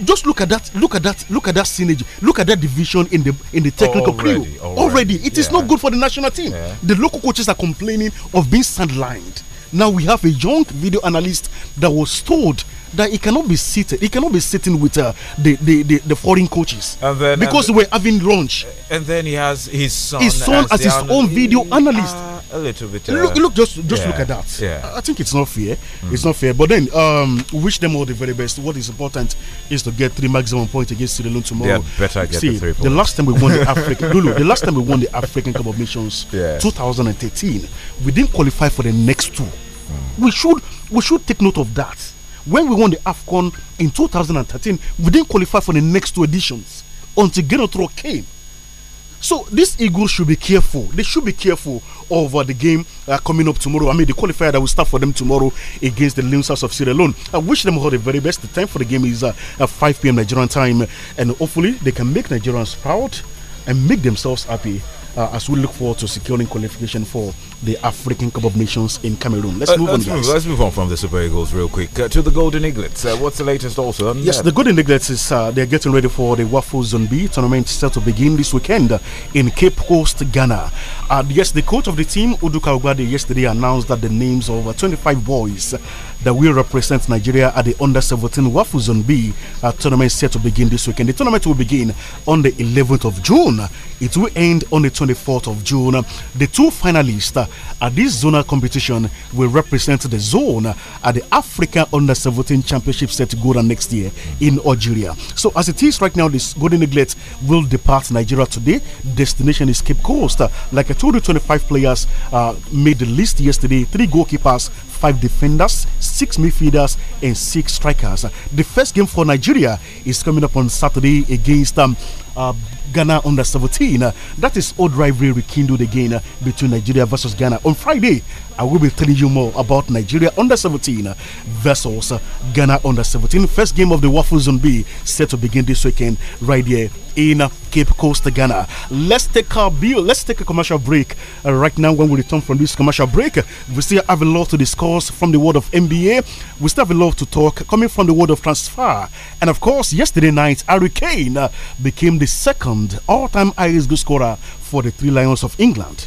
Just look at that, look at that, look at that synergy, look at that division in the in the technical already, crew. Already, already it yeah. is not good for the national team. Yeah. The local coaches are complaining of being sidelined now we have a young video analyst that was told that he cannot be seated. He cannot be sitting with uh, the, the, the, the foreign coaches then, because we're having lunch. And then he has his son. His son as, his own video ah, analyst. a little bit. Uh, look, look, just just yeah, look at that. Yeah. I think it's not fair. Mm. It's not fair. But then, um, wish them all the very best. What is important is to get three maximum points against Sierra tomorrow. Yeah, better get See, the three points. The last time we won the [LAUGHS] African Lulu, the last time we won the African Cup of Nations, yeah. 2013, we didn't qualify for the next two. We should we should take note of that. When we won the AFCON in 2013, we didn't qualify for the next two editions until Genotro came. So these Eagles should be careful. They should be careful over uh, the game uh, coming up tomorrow. I mean, the qualifier that will start for them tomorrow against the Lions of Sierra Leone. I wish them all the very best. The time for the game is uh, 5 p.m. Nigerian time, and hopefully they can make Nigerians proud and make themselves happy uh, as we look forward to securing qualification for the African Cup of Nations in Cameroon. Let's uh, move let's on, move, let's move on from the Super Eagles real quick uh, to the Golden Eaglets. Uh, what's the latest also? yes, uh, the Golden Eaglets is uh, they're getting ready for the Waffle Zone B tournament set to begin this weekend in Cape Coast, Ghana. yes, the coach of the team, Uduka yesterday announced that the names of uh, 25 boys that will represent Nigeria at the Under 17 Waffle Zone B uh, tournament set to begin this weekend. The tournament will begin on the 11th of June. It will end on the 24th of June. The two finalists at this zonal competition will represent the zone at the Africa Under 17 Championship set to go down next year in Algeria. So, as it is right now, this Golden Eaglet will depart Nigeria today. Destination is Cape Coast. Like I told you, 25 players uh, made the list yesterday three goalkeepers, five defenders, six midfielders, and six strikers. The first game for Nigeria is coming up on Saturday against um, uh, Ghana under 17. that is old rivalry rekindled again between Nigeria versus Ghana on Friday. I will be telling you more about Nigeria under 17 versus Ghana under 17. First game of the Waffle Zone B set to begin this weekend right here in Cape Coast, Ghana. Let's take a bill. Let's take a commercial break uh, right now. When we return from this commercial break, we still have a lot to discuss from the world of NBA. We still have a lot to talk coming from the world of transfer. And of course, yesterday night, Harry uh, became the second all-time highest goal scorer for the Three Lions of England.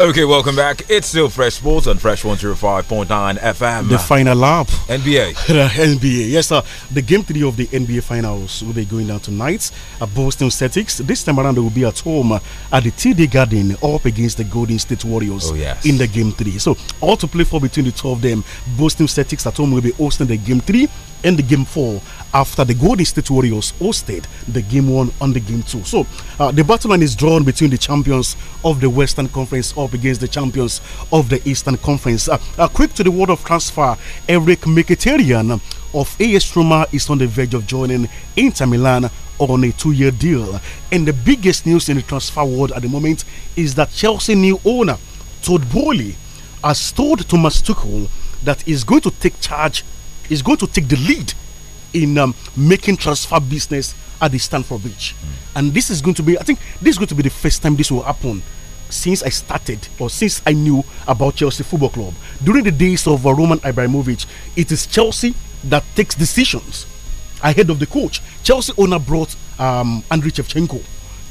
Okay, welcome back. It's still Fresh Sports on Fresh 105.9 FM. The final lap. NBA. [LAUGHS] the NBA. Yes, sir. The game three of the NBA Finals will be going down tonight at Boston Celtics. This time around, they will be at home at the TD Garden up against the Golden State Warriors oh, yes. in the game three. So, all to play for between the two of them. Boston Celtics at home will be hosting the game three in the game four after the Golden State Warriors hosted the game one and the game two. So uh, the battle line is drawn between the champions of the Western Conference up against the champions of the Eastern Conference. Uh, uh, quick to the world of transfer, Eric Mkhitaryan of AS Roma is on the verge of joining Inter Milan on a two-year deal. And the biggest news in the transfer world at the moment is that Chelsea new owner Todd Bowley has told Thomas Tuchel that he's going to take charge is going to take the lead in um, making transfer business at the Stanford Bridge. Mm. And this is going to be, I think, this is going to be the first time this will happen since I started or since I knew about Chelsea Football Club. During the days of uh, Roman Ibrahimovic, it is Chelsea that takes decisions ahead of the coach. Chelsea owner brought um, Andriy Shevchenko.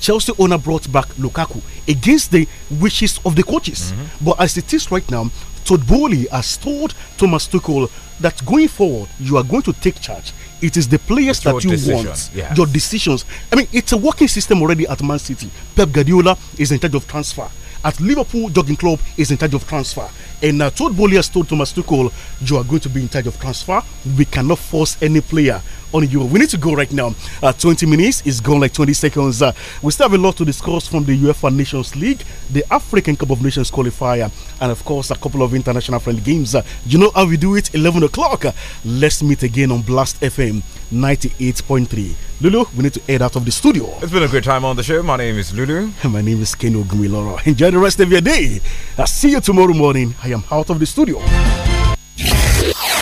Chelsea owner brought back Lukaku against the wishes of the coaches. Mm -hmm. But as it is right now, Todd Bowley has told Thomas Tuchel that going forward, you are going to take charge. It is the players that you decision. want, yes. your decisions. I mean, it's a working system already at Man City. Pep Guardiola is in charge of transfer at Liverpool Jogging Club is in charge of transfer. And uh, told Bolias told Thomas Tuchel, you are going to be in charge of transfer. We cannot force any player on you. We need to go right now. Uh, 20 minutes is gone like 20 seconds. Uh, we still have a lot to discuss from the UEFA Nations League, the African Cup of Nations qualifier, and of course, a couple of international friendly games. Uh, you know how we do it 11 o'clock. Uh, let's meet again on Blast FM 98.3. Lulu, we need to head out of the studio. It's been a great time on the show. My name is Lulu. And [LAUGHS] my name is Ken Ogumiloro. Enjoy the rest of your day. I'll see you tomorrow morning. I am out of the studio.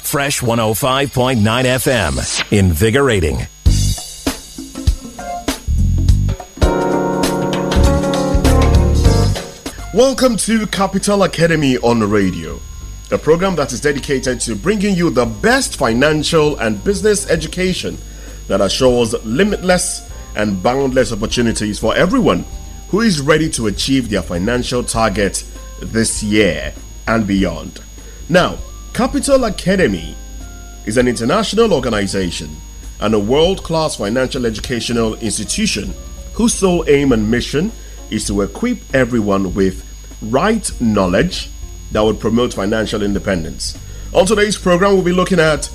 Fresh 105.9 FM. Invigorating. Welcome to Capital Academy on the radio a program that is dedicated to bringing you the best financial and business education that assures limitless and boundless opportunities for everyone who is ready to achieve their financial target this year and beyond. Now, Capital Academy is an international organization and a world class financial educational institution whose sole aim and mission is to equip everyone with right knowledge that would promote financial independence. On today's program, we'll be looking at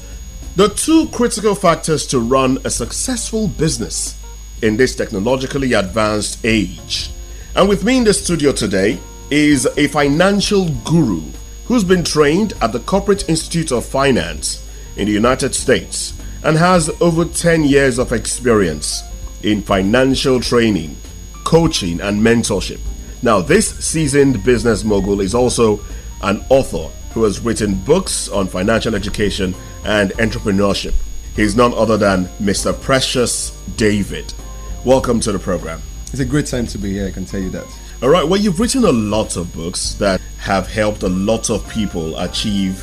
the two critical factors to run a successful business in this technologically advanced age. And with me in the studio today is a financial guru who's been trained at the Corporate Institute of Finance in the United States and has over 10 years of experience in financial training, coaching, and mentorship. Now, this seasoned business mogul is also an author who has written books on financial education and entrepreneurship. He's none other than Mr. Precious David. Welcome to the program. It's a great time to be here, I can tell you that. All right, well, you've written a lot of books that have helped a lot of people achieve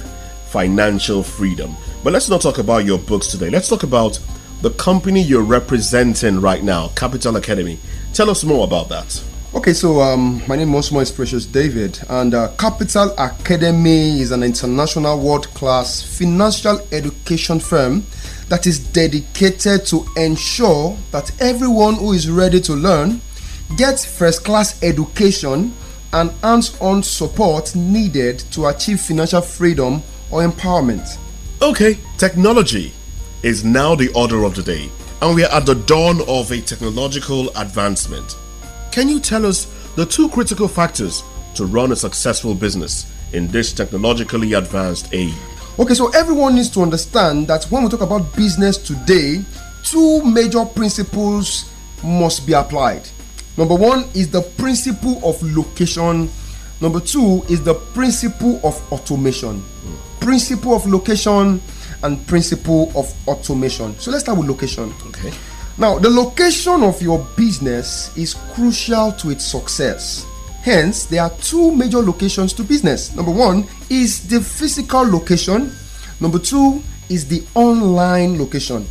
financial freedom. But let's not talk about your books today. Let's talk about the company you're representing right now, Capital Academy. Tell us more about that. Okay, so um, my name most more is Precious David, and uh, Capital Academy is an international world class financial education firm that is dedicated to ensure that everyone who is ready to learn gets first class education and hands on support needed to achieve financial freedom or empowerment. Okay, technology is now the order of the day, and we are at the dawn of a technological advancement. Can you tell us the two critical factors to run a successful business in this technologically advanced age? Okay, so everyone needs to understand that when we talk about business today, two major principles must be applied. Number one is the principle of location. Number two is the principle of automation. Mm. Principle of location and principle of automation. So let's start with location. Okay. Now, the location of your business is crucial to its success. Hence, there are two major locations to business. Number one is the physical location, number two is the online location.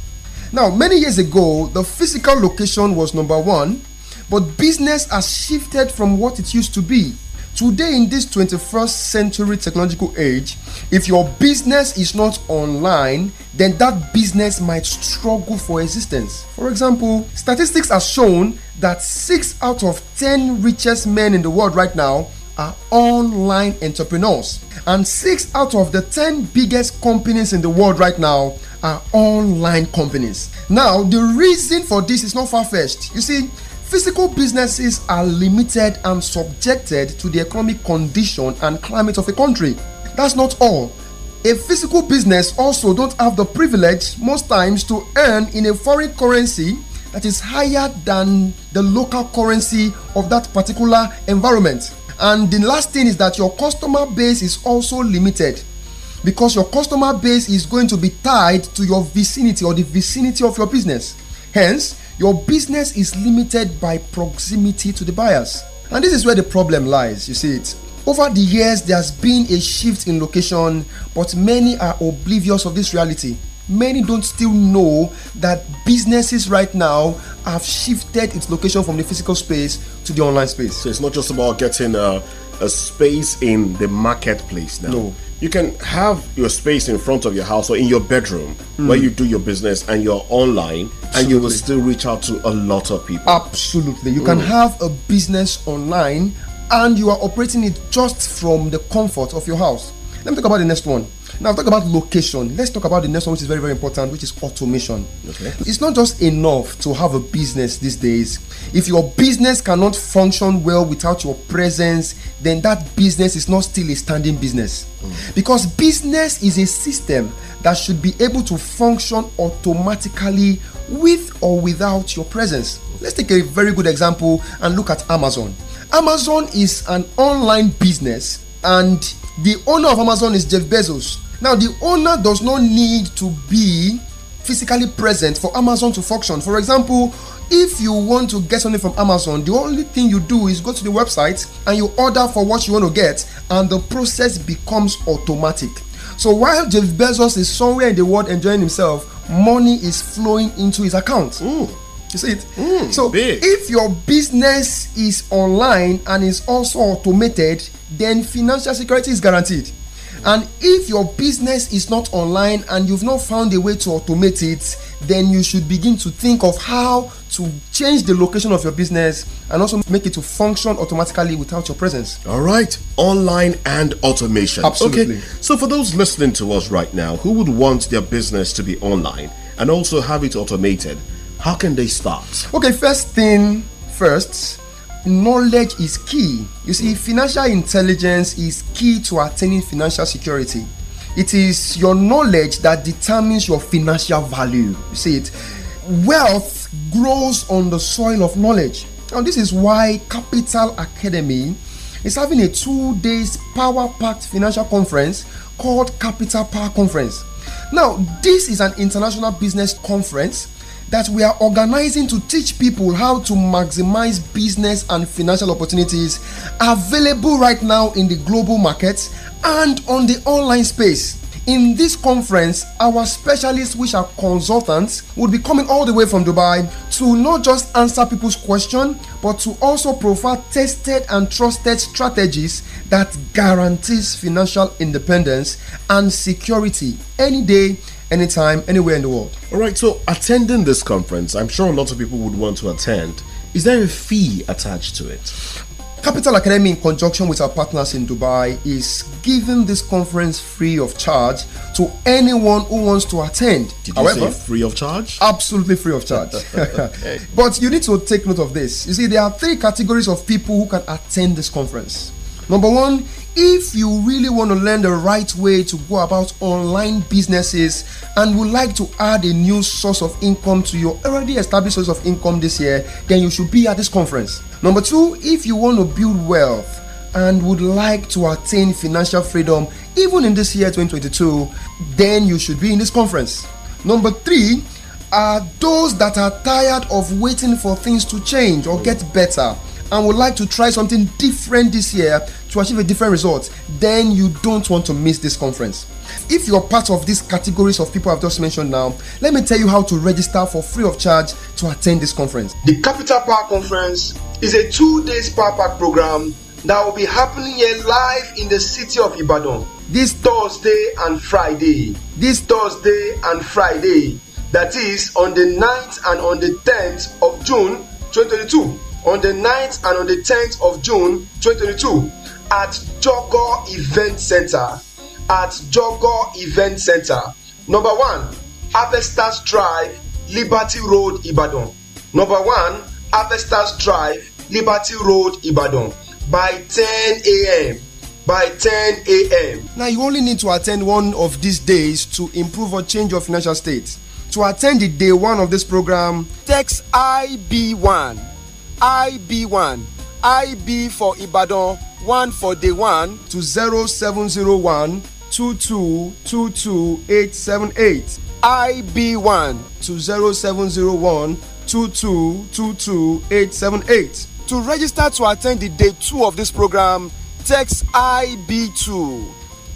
Now, many years ago, the physical location was number one, but business has shifted from what it used to be Today, in this 21st century technological age, if your business is not online, then that business might struggle for existence. For example, statistics have shown that 6 out of 10 richest men in the world right now are online entrepreneurs. And 6 out of the 10 biggest companies in the world right now are online companies. Now, the reason for this is not far fetched. You see, Physical businesses are limited and subjected to the economic condition and climate of a country. That's not all. A physical business also don't have the privilege most times to earn in a foreign currency that is higher than the local currency of that particular environment. And the last thing is that your customer base is also limited because your customer base is going to be tied to your vicinity or the vicinity of your business. Hence, your business is limited by proximity to the buyers. And this is where the problem lies, you see it. Over the years, there's been a shift in location, but many are oblivious of this reality. Many don't still know that businesses right now have shifted its location from the physical space to the online space. So it's not just about getting uh, a space in the marketplace now. No. You can have your space in front of your house or in your bedroom mm. where hmm. you do your business and you're online Absolutely. and you will still reach out to a lot of people. Absolutely. You mm. can hmm. have a business online and you are operating it just from the comfort of your house. Let me talk about the next one now, talk about location. Let's talk about the next one, which is very, very important, which is automation. Okay. It's not just enough to have a business these days. If your business cannot function well without your presence, then that business is not still a standing business. Mm. Because business is a system that should be able to function automatically with or without your presence. Let's take a very good example and look at Amazon. Amazon is an online business, and the owner of Amazon is Jeff Bezos. Now, the owner does not need to be physically present for Amazon to function. For example, if you want to get something from Amazon, the only thing you do is go to the website and you order for what you want to get, and the process becomes automatic. So while Jeff Bezos is somewhere in the world enjoying himself, money is flowing into his account. Mm. You see it? Mm, so big. if your business is online and is also automated, then financial security is guaranteed. And if your business is not online and you've not found a way to automate it, then you should begin to think of how to change the location of your business and also make it to function automatically without your presence. All right, online and automation. Absolutely. Okay. So for those listening to us right now who would want their business to be online and also have it automated, how can they start? Okay, first thing first, knowledge is key. You see, financial intelligence is key to attaining financial security. It is your knowledge that determines your financial value. You see it? Wealth grows on the soil of knowledge. And this is why Capital Academy is having a two days power packed financial conference called Capital Power Conference. Now, this is an international business conference that we are organizing to teach people how to maximize business and financial opportunities available right now in the global markets and on the online space. In this conference, our specialists, which are consultants, will be coming all the way from Dubai to not just answer people's questions, but to also provide tested and trusted strategies that guarantees financial independence and security any day anytime, anywhere in the world. Alright, so attending this conference, I'm sure a lot of people would want to attend. Is there a fee attached to it? Capital Academy, in conjunction with our partners in Dubai, is giving this conference free of charge to anyone who wants to attend. Did However, say free of charge? Absolutely free of charge. [LAUGHS] [LAUGHS] But you need to take note of this. You see, there are three categories of people who can attend this conference. Number one if you really want to learn the right way to go about online businesses and would like to add a new source of income to your already established source of income this year, then you should be at this conference. Number two, if you want to build wealth and would like to attain financial freedom even in this year 2022, then you should be in this conference. Number three, are those that are tired of waiting for things to change or get better and would like to try something different this year, to achieve a different result, then you don't want to miss this conference. If you're part of these categories of people I've just mentioned now, let me tell you how to register for free of charge to attend this conference. The Capital Power Conference is a two days power pack program that will be happening here live in the city of Ibadan this Thursday and Friday. This Thursday and Friday, that is on the 9th and on the 10th of June 2022. On the 9th and on the 10th of June 2022. at Jogo Event Center. At Jogo Event Center. Number one, Harvesters Drive, Liberty Road, Ibadan. Number one, Harvesters Drive, Liberty Road, Ibadan. By ten a.m. by ten a.m. Now, you only need to attend one of these days to improve or change your financial state. To attend the day one of this program, text IB1, IB1, IB for Ibadan, one for day one to zero seven zero one two two two two eight seven eight ib one to zero seven zero one two two two two eight seven eight. To register to attend the day two of this program, text ib two,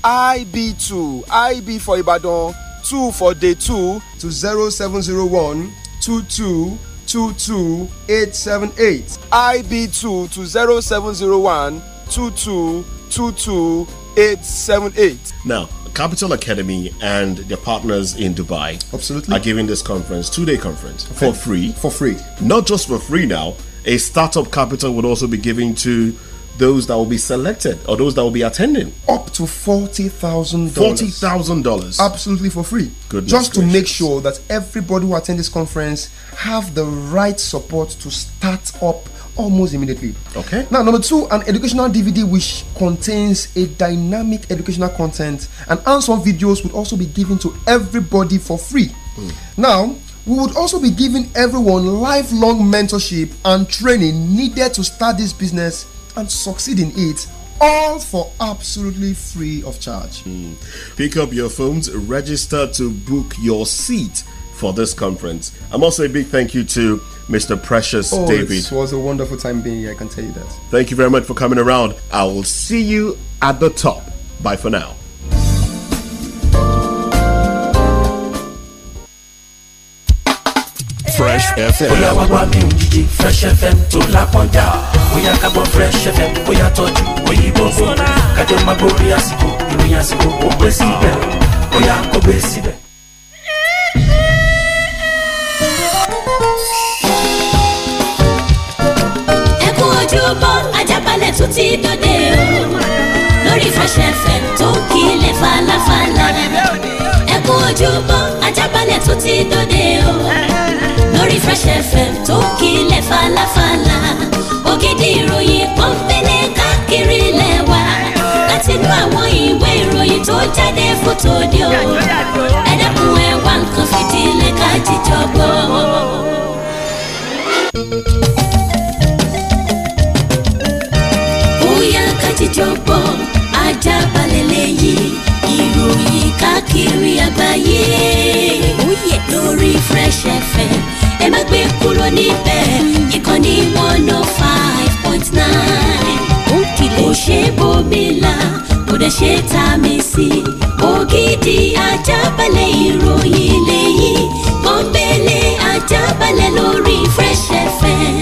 ib two, IB for Ibadan, two for day two to zero zero seven one two two two two eight seven eight. ib two to zero zero seven one. 878. Now, Capital Academy and their partners in Dubai absolutely are giving this conference two-day conference okay. for free. For free, not just for free. Now, a startup capital would also be giving to those that will be selected or those that will be attending up to forty thousand dollars. Forty thousand dollars, absolutely for free. Goodness just gracious. to make sure that everybody who attend this conference have the right support to start up almost immediately. Okay. Now, number two, an educational DVD which contains a dynamic educational content and answer videos would also be given to everybody for free. Mm. Now, we would also be giving everyone lifelong mentorship and training needed to start this business and succeed in it all for absolutely free of charge. Mm. Pick up your phones, register to book your seat for this conference. I must say a big thank you to Mr. Precious oh, David. It was a wonderful time being here, I can tell you that. Thank you very much for coming around. I will see you at the top. Bye for now. fresh fm. fresh fm tó fresh fm tún ti dòde o lórí Fresh FM tó ń kílẹ̀ falafala ẹ kú ojúmọ́ ajábalẹ̀ tún ti o lórí Fresh FM tó ń kílẹ̀ falafala ògidì ìròyìn pọ́npẹ́lẹ́ káàkiri lẹ́wà láti inú àwọn ìwé ìròyìn tó jáde fún tòde o ẹ dẹ́kun ẹ wá nǹkan fìdílé ká jíjọ gbọ́. ọ̀jọ̀gbọ́n ajábalẹ̀ lẹ́yìn ìròyìn káàkiri àgbáyé oh, lórí Fresh FM ẹ má gbé kúrò níbẹ̀ ìkànnì one oh five point nine kò ṣe bòmílà kò dẹ̀ ṣe tá a mi sí ògidì ajábalẹ̀ ìròyìn lẹ́yìn pọ́npẹ́lẹ́ ajábalẹ̀ lórí Fresh FM.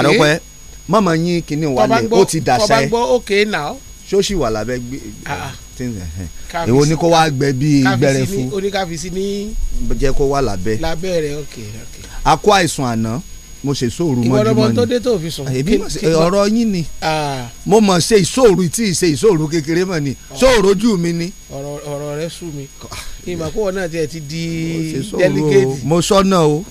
àròpẹ́ mọ̀mọ́ yín kínní wà lẹ̀ ó ti dàṣẹ́ tọ́ba gbọ́ òkè náà. ṣóṣì wà lábẹ́ gbé ah, ah. èwo ni kó wá gbẹ bíi gbẹrẹ fún oníkàfíìsì ní. jẹ́ kó wà lábẹ́. lábẹ́ rẹ̀ òkè òkè. a kó àìsàn àná mo ṣe ìṣòro mọ́júmọ́ ni ìwọ ọmọ tó dé tó fi sùn. Ah, èmi ọ̀rọ̀ yín ni mo mọ̀ ṣe ìṣòro tí ì ṣe ìṣòro kékeré mọ̀ ni ṣòro oh. ojú mi ni. ọ̀rọ̀ rẹ sú mi ìmọ̀kúwọ̀ náà tiẹ̀ ti di delicate. mo sọ́nà o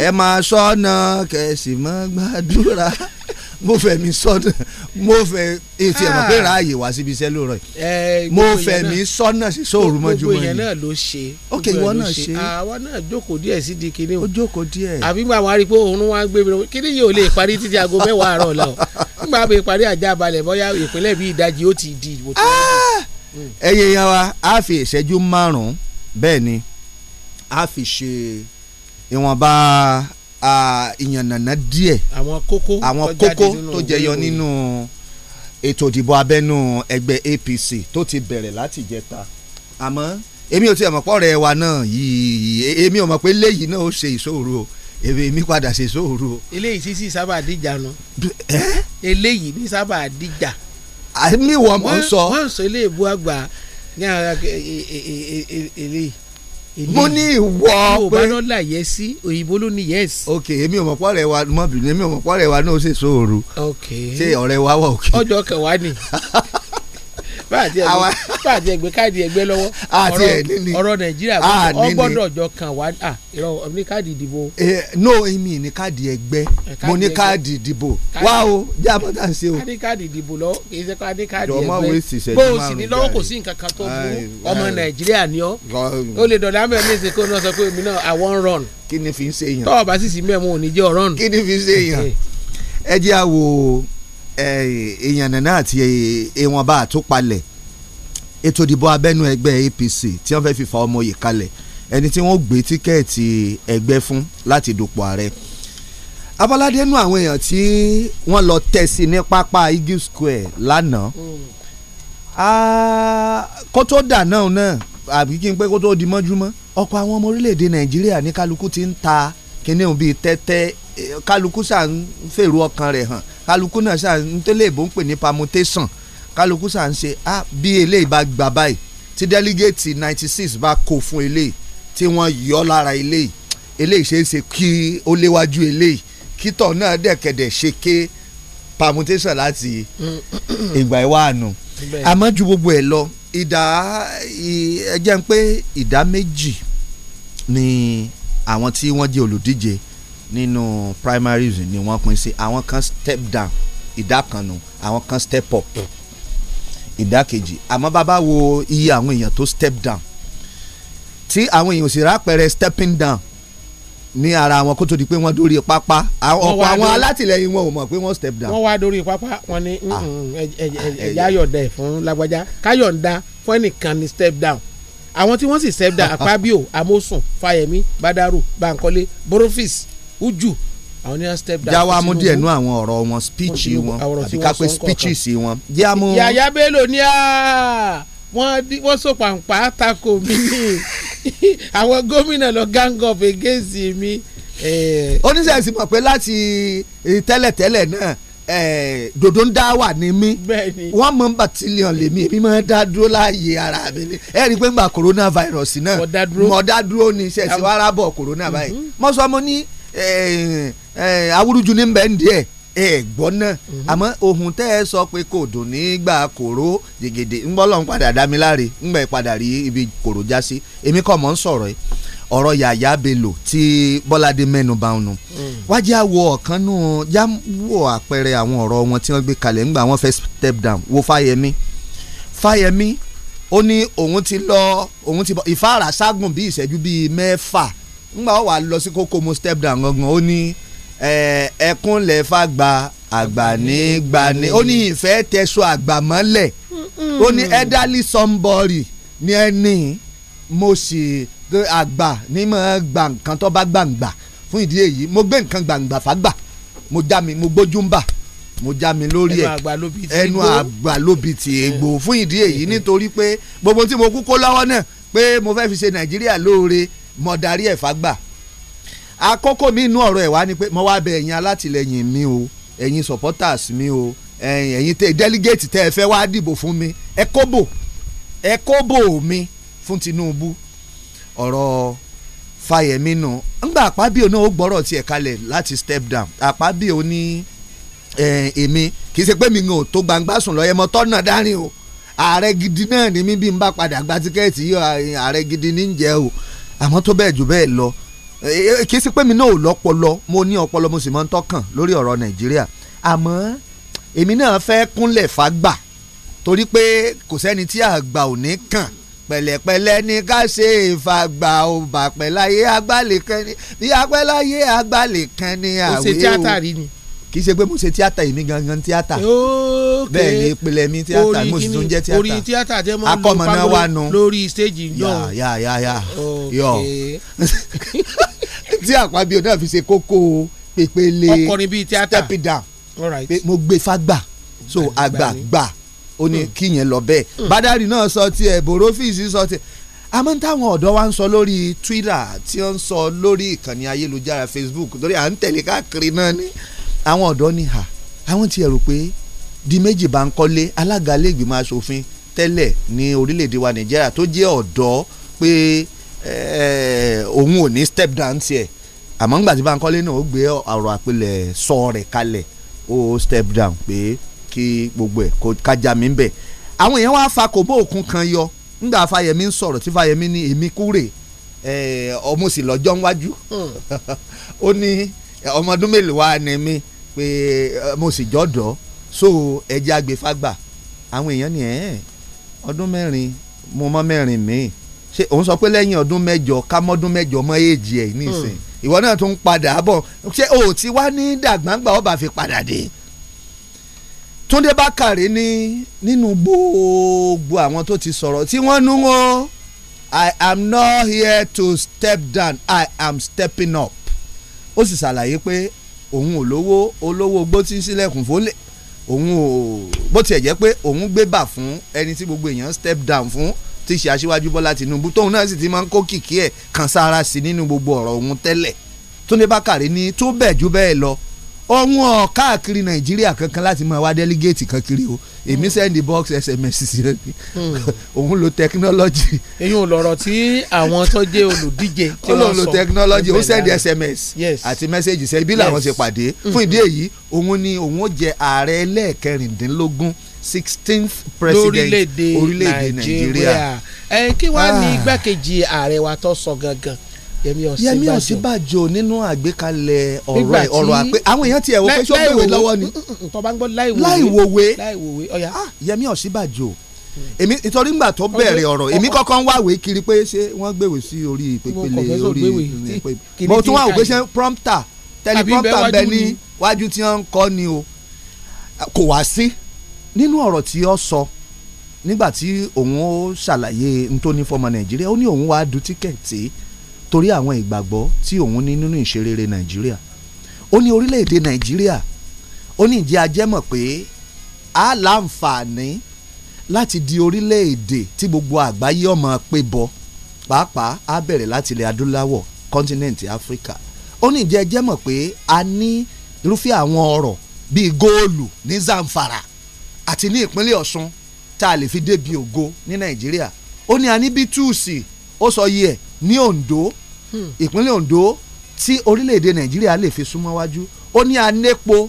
ẹ máa sọ́nà kẹ̀sì mọ́ gbàdúrà [LAUGHS] mo fẹ́ mi sọ́nà mo fẹ́ etí ẹ̀mọ́ pé ah. ráàyè wá síbi iṣẹ́ lóòrọ̀ yìí mo fẹ́ mi sọ́nà sí sóòrù mọ́júmọ́ yìí. gbogbo yẹn náà ló ṣe. ok ìwọ náà ṣe. àwa ah, náà jókòó díẹ̀ sí di kinní o. jókòó díẹ̀. àbí máa wá rí òun wá gbé mi lọ kinní yìí ò lè parí títí aago mẹ́wàá àárọ̀ la nígbà mi parí àjà balẹ̀ bóyá ìpínlẹ̀ bíi ìdajì ó ti di ìwòsàn ah! ẹ̀yin èèyàn wa á fi ìṣẹ́jú márùn-ún bẹ́ẹ̀ ni á fi ṣe ìwọ̀nba ìyànnànà díẹ̀ àwọn kókó àwọn tó jẹyọ nínú ètò ìdìbò abẹ́nú ẹgbẹ́ APC tó ti bẹ̀rẹ̀ láti jẹta àmọ́ èmi ò tiẹ̀ mọ̀ pọ̀ rẹ̀ wa náà yìí èmi ò mọ̀ pé léyìí náà ó ṣe ìṣòro o èmi padà ṣe ìṣòro eléyìí sì sábà díjà nu eléyìí ní sábà díjà àmì ìwọ mọ̀ ń sọ. wọ́n sọ ilé ìbú àgbà ní ara èlé. E, e, e, mo ní ìwọ pé mo bá náà yẹ sí òyìnbó ló ní yes. ok èmi ò mọ̀ pọ̀ rẹ̀ wa mọ̀ bìnrin èmi ò mọ̀ pọ̀ rẹ̀ wa náà ó sì sóoru. ok ṣé ọ̀rẹ́ wa wà òkè. ọjọ́ kẹwàá ni. [LAUGHS] fáàtì ẹgbẹ́ káàdì ẹgbẹ́ lọ́wọ́ ọ̀rọ̀ nàìjíríà ọgbọ́dọ̀ jọ kàn wá ní káàdì ìdìbò. no èmi ní káàdì ẹgbẹ́ mo ní káàdì ìdìbò wá o jẹ́ àbọ̀dá ṣe o. káàdì káàdì ìdìbò lọ kì í ṣe káàdì káàdì ẹgbẹ́ bó o sì ní lọ́wọ́ kò sí nǹkan kan tó burú ọmọ nàìjíríà ni ọ́ ó lè dọ̀dọ̀ àmì ẹ̀mí ìsìnkú náà sọ pé èmi náà àwọn ń rọrùn. kí ni fi ń ṣe èèyàn. tọ́ọ̀ bá sì sí mẹ́mú òní jẹ́ ọ̀rọ̀rùn. kí ni fi ń ṣe èèyàn eh. ẹ jẹ́ àwò èèyàn nàná àti ìwọ̀n bá àtúpalẹ̀ ètò ìdìbò abẹ́nú ẹgbẹ́ APC tí wọ́n fẹ́ fi fa ọmọ yìí kalẹ̀ ẹni tí wọ́n gbé tíkẹ́ẹ̀tì ẹgbẹ́ fún láti dupò ààrẹ Abọ́ládé nú àwọn èèyàn tí wọ́n lọ tẹ̀ sí ní pápá Eagle Square lánàá kó tó dà náà náà àbí kí n pé kó tó di mọ́júmọ́ ọkọ̀ àwọn ọmọ orílẹ̀-èdè Nàìjíríà ní kálukú ti ń ta kíní bíi tẹ́tẹ́ kálukú ṣáà ń fèrò ọkàn rẹ̀ hàn kálukú náà ṣáà ń tó lè bó ń pè ní permutation kálukú ṣáà ń ṣe ah bí eléyìí bá gbà báyìí tí délégéètì ninety six bá kó fún eléyìí tí wọ́n yọ lára eléyìí eléyìí ṣe é ṣe kí ó léwájú eléyìí kítọ̀ náà dẹ̀kẹ̀dẹ̀ ṣe ké permutation láti [COUGHS] ìgbà ìwà àánú àmọ́ ju gbogbo ẹ̀ lọ ìdá ẹ jẹ́ n pé ìdá méjì ni àwọn tí wọ́n jẹ́ olùdíje nínú primaries ni wọ́n pín sí àwọn kan step down ìdá kan nù àwọn kan step up ìdá kejì àmọ́ bàbá wo iye àwọn èèyàn tó step down tí àwọn èèyàn sì rápẹrẹ stepping down ní ara wọn kó tó di pé wọ́n dórí pápá ọ̀pọ̀ àwọn alátìlẹyìn wọn ò mọ̀ pé wọ́n step down. wọ́n wá dórí pápá wọn ni ah. ẹ̀yà yọ̀ǹda ẹ̀ fún lágbájá káyọ̀ǹda fún ẹnìkan ni step down àwọn tí wọ́n sì step down [LAUGHS] akpabio amosun fáyẹmí badaru bankole borofis uju àwọn ní step down. jáwá mú díẹ̀ nú àwọn ọ̀rọ̀ wọn speech wọn àbí ká pé speeches wọn. jáàmú. yàyà bello ní a wọ́n so pàǹpà tako mi ní [LAUGHS] àwọn gómìnà lọ gang up against mi. Eh, oníṣẹ́ ìsìn mọ̀ pé láti eh, tẹ́lẹ̀tẹ́lẹ̀ náà dòdò ń dá wà ní mí wọn mọ bàtílíọ̀n lèmi èmi máa dá dúró láàyè ara mi ni ẹ rí i pé ń gba coronavirus náà mo dá dúró ní iṣẹ́ ìsìn wàrà bọ̀ corona báyìí mm-hmm. ní Eh, eh, eh, awúrúju ní bẹ́ẹ̀ díẹ̀ ẹ gbọ́ náà mhm. àmọ́ ohun tẹ́ ẹ sọ pé kò dùn nígbà kòró jìgìdì ń bọ́ lọ́n padà dá mi láre ń gbà padà rí ibi kòró já sí èmi kọ́ mọ́ ń sọ̀rọ̀ ẹ ọ̀rọ̀ yàyà belò tí bọ́ládé mẹ́nu bá nu mm. wájú àwọ ọ̀kan nù já wò àpẹẹrẹ àwọn ọ̀rọ̀ wọn tí wọ́n gbé kalẹ̀ ńgbà wọn fẹ́ step down wo fáyẹmí fáyẹmí ó ní òun ti lọ òun ti bọ ìfáàrà ságùn bíi ìṣẹ́jú bíi mẹ́fà ńgbà wà lọ sí kókó mo step down gangan ó ní ẹkún lè fa gba àgbànígbàní ó ní ìfẹ́ tẹ̀sọ àgbà mọ́lẹ̀ ó ní elderly somebody ní ẹni mo sì àgbà ní mo gbà nǹkan tó bá gbàǹgbà fún ìdí èyí mo gbé nǹkan gbàǹgbà fàgbà mo já mi mo gbójú ń bà mo já mi lórí ẹ ẹnu àgbà lóbi ti egbò fún ìdí èyí nítorí pé gbogbo tí mo kú kó lọ́wọ́ náà pé mo fẹ́ fi ṣe Nàìjíríà lóore mo darí ẹ̀ fagbà àkọ́kọ́ mi inú ọ̀rọ̀ ẹ̀ wá ni pé mo wá bẹ̀ ẹ̀yin alátìlẹyìn mi o ẹ̀yin supporters mi o ẹ̀yin tẹ delegate tẹ ẹ fẹ́ wá dìbò fún mi ẹ kóbò ẹ kóbò mi fún Tinubu ọ̀rọ̀ Fáyẹ̀mí nù ńgbà Àpábíò náà ó gbọ́rọ̀ tiẹ̀ kalẹ̀ láti step down Àpábíò ní èmi kì í ṣe pé mi ò tó gbangba sùn lọ yẹ mọ tọ́nà dárin o ààrẹ gidi náà ni mí bí n bá padà gba tíkẹ́ẹ̀tì yìí ààrẹ gidi ní jẹ́ o àmọ́ tó bẹ́ẹ̀ jù bẹ́ẹ̀ lọ eh, eh, kì í sí pé mi náà ò lọ́pọlọ mo ní ọpọlọ mo sì máa ń tọ́kàn lórí ọ̀rọ̀ Nàìjíríà àmọ́ èmi náà fẹ́ kúnlẹ̀ fàgbà torí pé kò sẹ́ni tí àgbà ò ní kàn pẹ̀lẹ́pẹ̀lẹ́ ní ká ṣe ìfàgbà òbàpẹ̀láyé agbálẹ̀ kan ní bí agbẹ́láyé agbálẹ̀ kan ní àwé o. ó ṣe tíátà rí ni kì í ṣe pé mo ṣe tíátà èmi gangan tíátà bẹ́ẹ̀ ni ìpìlẹ̀ mi tíátà mo sì tún jẹ́ tíátà orí tíátà tẹ́ mọ́ akọ́mọ̀nà wa nu lórí stéèjì náà yà yà yà yọ tí àpábíyọ náà fi ṣe kókó pépéle ọkọrin bíi tíátà tẹ́pìdà mo gbé fagbà so àgbàgbà ó ní hmm. kí yẹn lọ bẹ́ẹ̀ hmm. bádàrí náà sọ tiẹ̀ bòrófìsì sọ tiẹ̀ àmọ́ táwọn ọ̀dọ́ wa ń sọ lórí Twitter tí wọ́n ń sọ lórí ìkànnì ayélujára Facebook torí à ń tẹ̀lé káàkiri náà ni àwọn ọ̀dọ́ ni hà àwọn tiẹ̀ rò pé di méjì bá ń kọ́lé alága iléègbìmọ̀ asòfin tẹ́lẹ̀ ní orílẹ̀-èdè wa nàìjíríà tó jẹ́ ọ̀dọ́ pé eh, òun ò ní step down tiẹ̀ àmọ́ ńgbà tí Bankole náà ó gbé ọ̀rọ̀ àpilẹ̀ sọ rẹ̀ kalẹ̀ ó step down pé kí gbogbo ẹ̀ kó kájà mi ń bẹ̀ àwọn èèyàn wá fa kòbó òkun kan yọ ńgbà Fáyẹmí ń sọ̀rọ̀ tí Fáyẹmí ní èmi kúrè eh, ọmọ sì lọ́jọ́ ńwájú hmm. [LAUGHS] ó ní ọmọ mélòó wá ni mí pé mo sì jọ́dọ̀ so ẹ̀jẹ̀ agbèfagbà àwọn èèyàn ni ẹ̀ ọdún mẹ́rin mo mọ mẹ́rin míì ṣé òun sọ pé lẹ́yìn ọdún mẹ́jọ ká mọ́dún mẹ́jọ mọ́ èjì ẹ̀ nísìn hmm. ìwọ náà tún padà bọ̀ ṣé o ti wá ní dàgbàǹgbà ọba fi padà dé Túndé Bákàrè ní nínú gbogbo àwọn tó ti sọ̀rọ̀ tí wọ́n nú wọn I am not here to step down I am stepping up ó sì ṣàlàyé pé òun ò lówó olówó gbó tí ń sílẹ̀kùn fólè òun ò bó tiẹ̀ jẹ́ pé òun gbé bà fún ẹni tí gbogbo èèyàn step down fún tí ṣe aṣíwájú Bọ́lá Tinubu tóun náà sì ti máa ń kó kìkì ẹ̀ kan sára sí nínú gbogbo ọ̀rọ̀ òun tẹ́lẹ̀ Túndé Bákàrẹ́ ní tó bẹ̀ jù bẹ́ẹ̀ lọ ọ̀hún ọ̀ káàkiri nàìjíríà kankan láti máa wá délégéètì kan kiri o èmi hmm. send box sms sí i hmm. [LAUGHS] òun lo technology. èyí ò lọ̀rọ̀ tí àwọn tó jẹ́ olùdíje [LAUGHS] tí wọ́n sọ ó lòun lo technology ó send sms àti message sẹ́yìn bí làwọn ṣe pàdé hmm. fún ìdí èyí òun ni òun ó jẹ ààrẹ ẹlẹ́ẹ̀kẹrìndínlógún sixteenth president orílẹ̀-èdè nàìjíríà. ẹ kí wàá ní ah. igbákejì ààrẹ wa tó sọ gangan Yẹmí Ọ̀sínbàjò nínú àgbékalẹ̀ ọ̀rọ̀ ẹ̀ ọ̀rọ̀ àpè àwọn èèyàn tiẹ̀ wò pé ṣó gbèwé lọ́wọ́ ni láìwòwe Yẹmí Ọ̀sínbàjò èmi nítorí ngbà tó bẹ̀rẹ̀ ọ̀rọ̀ èmi kọ́kọ́ ń wáwèé kiri pé ṣé wọ́n gbèwé sí orí ìpèpele orí mo tún wà wò pé ṣé prompter teleprompter bẹ ní wájú tí wọ́n ń kọ́ ni o kò wá sí nínú ọ̀rọ̀ tí ó sọ nígbà tí òun ó ṣàlàyé ntóní fọmọ Nàìjíríà ó ní òun wàá du tíkẹ̀tì torí àwọn ìgbàgbọ́ tí òun ní nínú ìṣerere nàìjíríà ó ní orílẹ̀-èdè nàìjíríà ó ní ìjẹ́ ajẹ́mọ̀ pé a láǹfààní láti di orílẹ̀-èdè tí gbogbo àgbáyé ọmọ pé bọ pàápàá a bẹ̀rẹ̀ láti ilẹ̀ adúláwọ̀ kọ́ńtínẹ̀ǹtì áfíríkà ó ní ìjẹ́ ajẹ́mọ̀ pé a ní irúfẹ́ àwọn ọ̀rọ̀ bíi góòlù ní zamfara àti ní ìpínlẹ̀ ọ̀ṣun tá a lè fi débi ògo ní nàìjíríà ó ní a ní bítúùsì ó sọ yìí ẹ̀ ní ondo ìpínlẹ̀ Ondo tí orílẹ̀-èdè Nàìjíríà lè fi súnmọ́ wájú ó ní anépo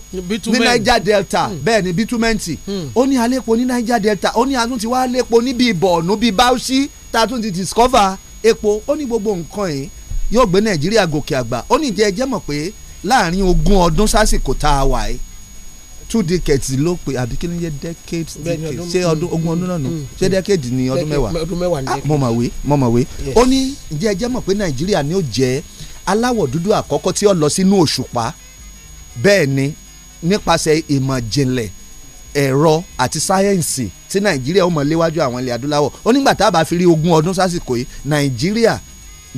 ní Niger Delta hmm. bẹ́ẹ̀ ni bitumenti hmm. ó ní alépo ní Niger Delta ó ní atún ti wá alépo níbi Borno bíi Bauchi tá a tún ti discover epo ó ní gbogbo nǹkan yìí yóò gbé Nàìjíríà gòkè àgbà ó ní ìjẹ́ ẹjẹ́ mọ̀ pé láàrin ogún ọdún sásìkò tá a wà yìí two decades ló pe àbí kí ló ń decades decades ṣé ọdún ogún ọdún náà nù mm, ṣé mm. decades ni ọdún mẹ́wàá ah, mo mà wé mo mà wé ó ní ǹjẹ́ ẹ jẹ́ mọ̀ pé nàìjíríà ni ó jẹ́ aláwọ̀ dúdú àkọ́kọ́ tí ó lọ sínú òṣùpá bẹ́ẹ̀ ni nípasẹ̀ ìmọ̀ ìjìnlẹ̀ ẹ̀rọ àti sáyẹ́ǹsì tí nàìjíríà ó mọ̀ léwájú àwọn ilẹ̀ adúláwọ̀ ó nígbà tá a bá fi rí ogún ọdún sásìkò yìí nàìjíríà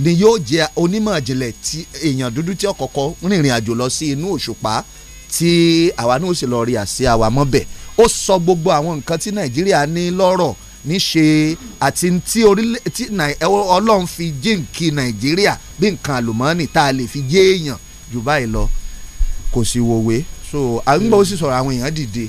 ni yóò jẹ onímọ̀ ìjìnlẹ̀ ti èèyàn dúdú tí ọ̀kọ̀ọ̀kọ̀ rìnrìn àjò lọ sí inú òṣùpá tí àwa náà ṣe lọ rí àsíá wa mọ́bẹ̀ ó sọ gbogbo àwọn nǹkan tí nàìjíríà ní lọ́rọ̀ níṣe àti tí ọlọ́run fi jíǹkì nàìjíríà bí nǹkan àlùmọ́ọ́nì tá a lè fi jẹ́ jù báyìí lọ kò sí wòwe so àgbọ̀ ó sì sọ̀rọ̀ àwọn èèyàn dìde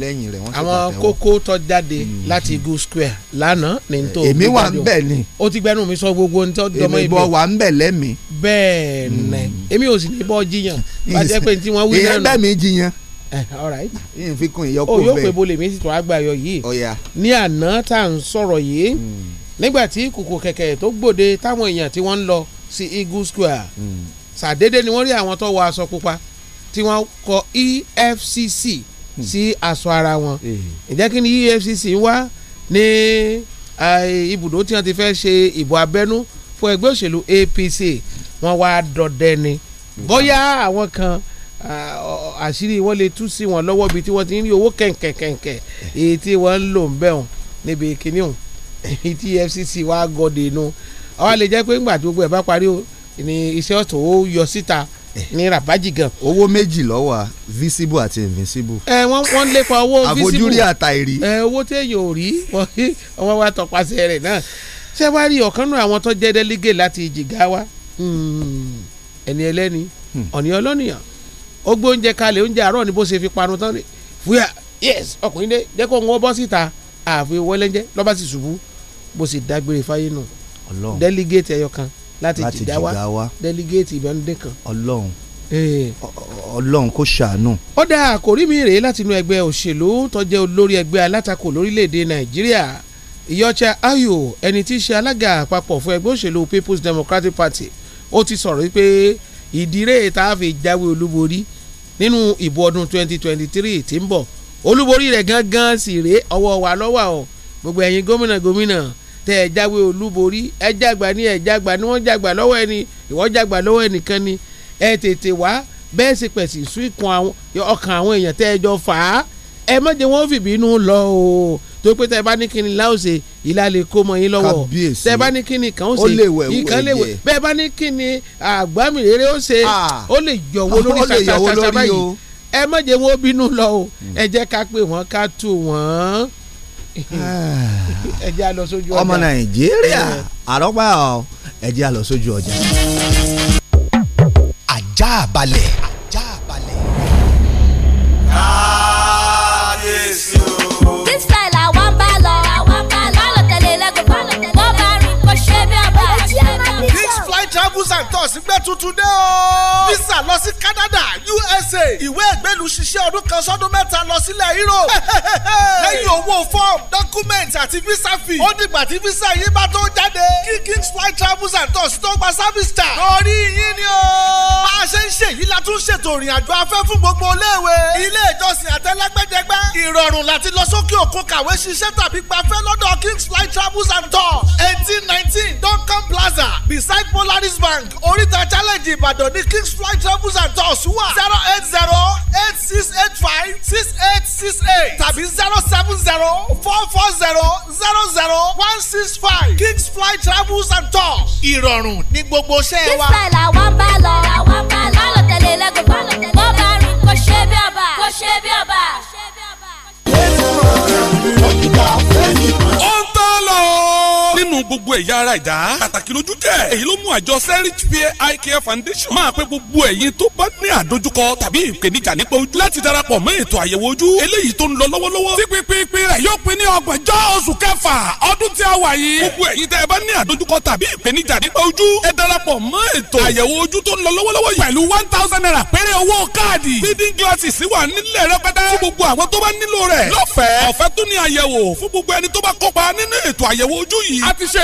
lẹ́yìn rẹ̀ wọ́n ṣe pàtẹ́wọ́. àwọn kókó tó jáde mm. láti igu square lánàá ní n tó gbé jáde o èmi wà ń bẹ̀ ni. o ti gbẹnu mi sọ gbogbo ní tó dọmọ ibi. èmi bọ wà ń bẹ̀ lẹ́mi. bẹ́ẹ̀ mm. èmi ò sì ní bọ́ jiyàn [LAUGHS] bàjẹ́ pé tí wọ́n wí náà ìyẹn bẹ́ẹ̀ mi jiyàn. Eh, all right. yìí fi kún ìyọkù bẹ́ẹ̀. o yóò pè bolè mi sì tún agbáyọ yìí. ọ̀yà. ní àná tá à ń sọ̀rọ̀ yìí mm. nígbà tí kòkò kẹ̀kẹ́ tó gbòde táwọn èèyàn tí wọ́n ń lọ sí igu square ṣàdédé ni wọ́n rí àwọn tó wọ aṣọ pupa tí wọ́n kọ EFCC sí aṣọ ara wọn eh. ǹjẹ́ kí ni EFCC wá ní eh, ibùdó tí wọ́n ti fẹ́ ṣe ìbò abẹ́nú fún ẹgbẹ́ òṣèlú APC wọ́n wá dọdẹ ni bóyá àwọn kan ah, àṣírí wọn lè tú sí wọn lọ́wọ́ bíi tí wọ́n ti ń rí owó kẹ̀kẹ̀kẹ̀kẹ̀ èyí tí wọ́n ń lò ń bẹ̀ hàn níbi kíní hàn èyí tí EFCC wá gọ̀dẹ̀ nu àwọn lè jẹ́ pé ńgbà tí gbogbo ẹ̀ bá parí o ní iṣẹ́ ọ̀tún ó yọ síta. Si ní rabaji gan. owó méjì lọ́wọ́ visible àti invisible. ẹ wọ́n wọ́n lépa owó visible àfojúrí àtàìrí. ẹ owó téèyàn ò rí wọ́n wá tọpasẹ̀ rẹ̀ náà ṣé wàá rí ọ̀kan náà àwọn tó jẹ́ délégé láti Jigawa hmm, ẹni ẹlẹ́ni hmm. ọ̀nì ọlọ́nìyàn ó gbé oúnjẹ kalẹ̀ oúnjẹ àárọ̀ ni bó ṣe fi parun tán ni fúyà yes ọkùnrin dé jẹ́ kó ń wọ́ bọ́ síta àfi wọlé jẹ́ lọ́ba sì ṣubú bó ṣe dágbére fáyé náà délégé ẹyọ kan láti jìdáwá délégéètì ìbánudé kan. ọlọ́run eh. ọlọ́run kò ṣàánú. ó dá àkórí mi rèé láti inú ẹgbẹ́ òṣèlú tó jẹ́ olórí ẹgbẹ́ alátakò lórílẹ̀‐èdè nàìjíríà ìyọ́chá ayo ẹni tí í ṣe alága àpapọ̀ fún ẹgbẹ́ òṣèlú people's democratic party ó ti sọ̀rọ̀ wípé ìdírè tá a fi jáwé olúborí nínú ìbò ọdún 2023 tí ń bọ̀ olúborí rẹ̀ gangan sì rèé ọwọ́ wa lọ́wọ́ gbogbo ẹ̀yin gómìnà gómìnà tẹ́ ẹ jáwé olúborí ẹ jàgbà ní ẹ jàgbà ní wọ́n jàgbà lọ́wọ́ ẹni ìwọ́n jàgbà lọ́wọ́ ẹnìkan ni ẹ tètè wá bẹ́ẹ̀ sì pẹ̀sì sún ikùn ọkàn àwọn èèyàn tẹ́ ẹ jọ fà á ẹ má jẹ́ wọ́n fìbínú lọ o tó pé tẹ́ bá ní kíni láòsè ìlà kó mọ yín lọ́wọ́ tẹ́ bá ní kíni kàn ó ṣe ìkan lè wẹ̀ bẹ́ẹ̀ bá ní kíni àgbámìrèrè ó ṣe ah. ó lè yọ̀wọ́ lórí ṣàṣàṣà báyìí ẹ má jẹ́ bínú lọ o hmm. ẹ jẹ́ ká pè wọ́n ká tù wọ́n. [LAUGHS] ẹ jẹ́ a lọ sójú ọjà ọmọ nàìjíríà àrọ́pá ọ ẹ jẹ́ a ọjà. ajá balẹ̀. ajá balẹ̀. káà. tools and tours gbé tuntun dé o. visa lọ sí Canada USA ìwé ìgbélú ṣiṣẹ́ ọdún kan sọ́dún mẹ́ta lọ sílẹ̀ Europe. [LAUGHS] lẹ́yìn owó form document àti visa fee. ó dìgbà tí visa yìí bá tó jáde. kí kings flight travels and tours tó gba service charge. lórí yín ni o. bá a ṣe ń ṣèyí la tún ṣètò ìrìn àjò afẹ́ fún gbogbo iléèwé. ilé ìjọsìn àtẹlẹgbẹdẹgbẹ. ìrọ̀rùn láti lọ sókè òkun kàwé ṣiṣẹ́ tàbí gbafẹ́ lọ́dọ̀ kings flight travels and tours eighteen nineteen Duncan Plaza beside Polaris bank bank oríta challenge ìbàdàn ní kings flight travels and tours wà zero eight zero eight six eight five six eight six eight tàbí zero seven zero four four zero zero zero one six five kings flight travels and tours ìrọ̀rùn ní gbogbo iṣẹ́ wa. kí sẹ́lá wá bá lọ làwọn bá lọ lọ́lọ́ tẹ̀lé lẹ́gùn bá lọ tẹ̀lé lẹ́gùn. gbogbo ẹ̀yà ara ìdá. pàtàkì lójú tẹ̀. èyí ló mú àjọ serich fair eye care foundation. máa pé gbogbo ẹ̀yin tó bá ní àdójúkọ tàbí ìpèníjà nípa ojú. láti darapọ̀ mọ́ ètò àyẹ̀wò ojú. eléyìí tó ń lọ lọ́wọ́lọ́wọ́. tí pínpín rẹ̀ yóò pin ní ọgbọ̀njọ́ oṣù kẹfà ọdún tí a wà yìí. gbogbo ẹ̀yin tẹ́ ẹ bá ní àdójúkọ tàbí ìpèníjà one thousand naira péré owó káàdì. reading glasses wà nílẹ̀ rẹpẹtẹ. fún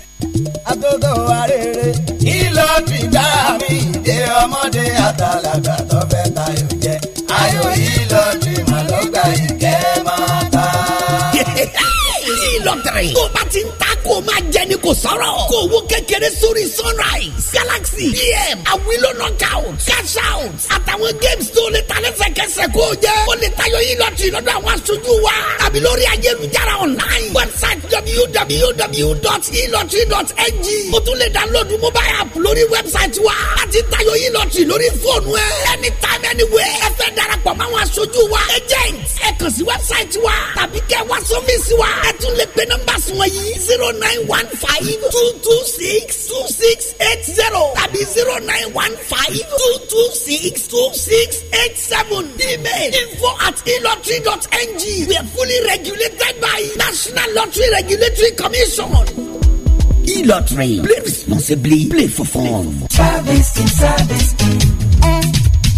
agogo arére ìlò dìgbà mi ìdè ọmọdé àtàlàgbà tó fẹ́ tayò jẹ ayò ìlò dìmọ̀ ló gbà yìí lottery. tó bá ti ń ta kó o máa jẹ ni kò sọ̀rọ̀. kó owó kékeré sórí sunrise galaxy pm awilo knockout cash out àtàwọn games tó lè ta lẹ́sẹ̀kẹsẹ̀ kó o jẹ́. ó lè tayọ yín lọ́tì lọ́dọ̀ àwọn aṣojú wa tàbí lórí ayélujára online website www.elottery.ng. o tún lè download mobile app lórí website wa láti tayọ yín lọ́tì lórí fóònù ẹ. anytime anywhere ẹ fẹ́ darapọ̀ mọ́ àwọn aṣojú wa agent ẹ kàn sí website wa tàbí kẹ́ wá sọ́fíìsì wa ẹ tún lè pé nọ́mbà sùn number is two six eight zero tàbí zero nine one five two two six two six eight seven email info at elotry dot ng we are fully regulated by national lottery regulatory commission. elotry play responsibly play for fun. service in service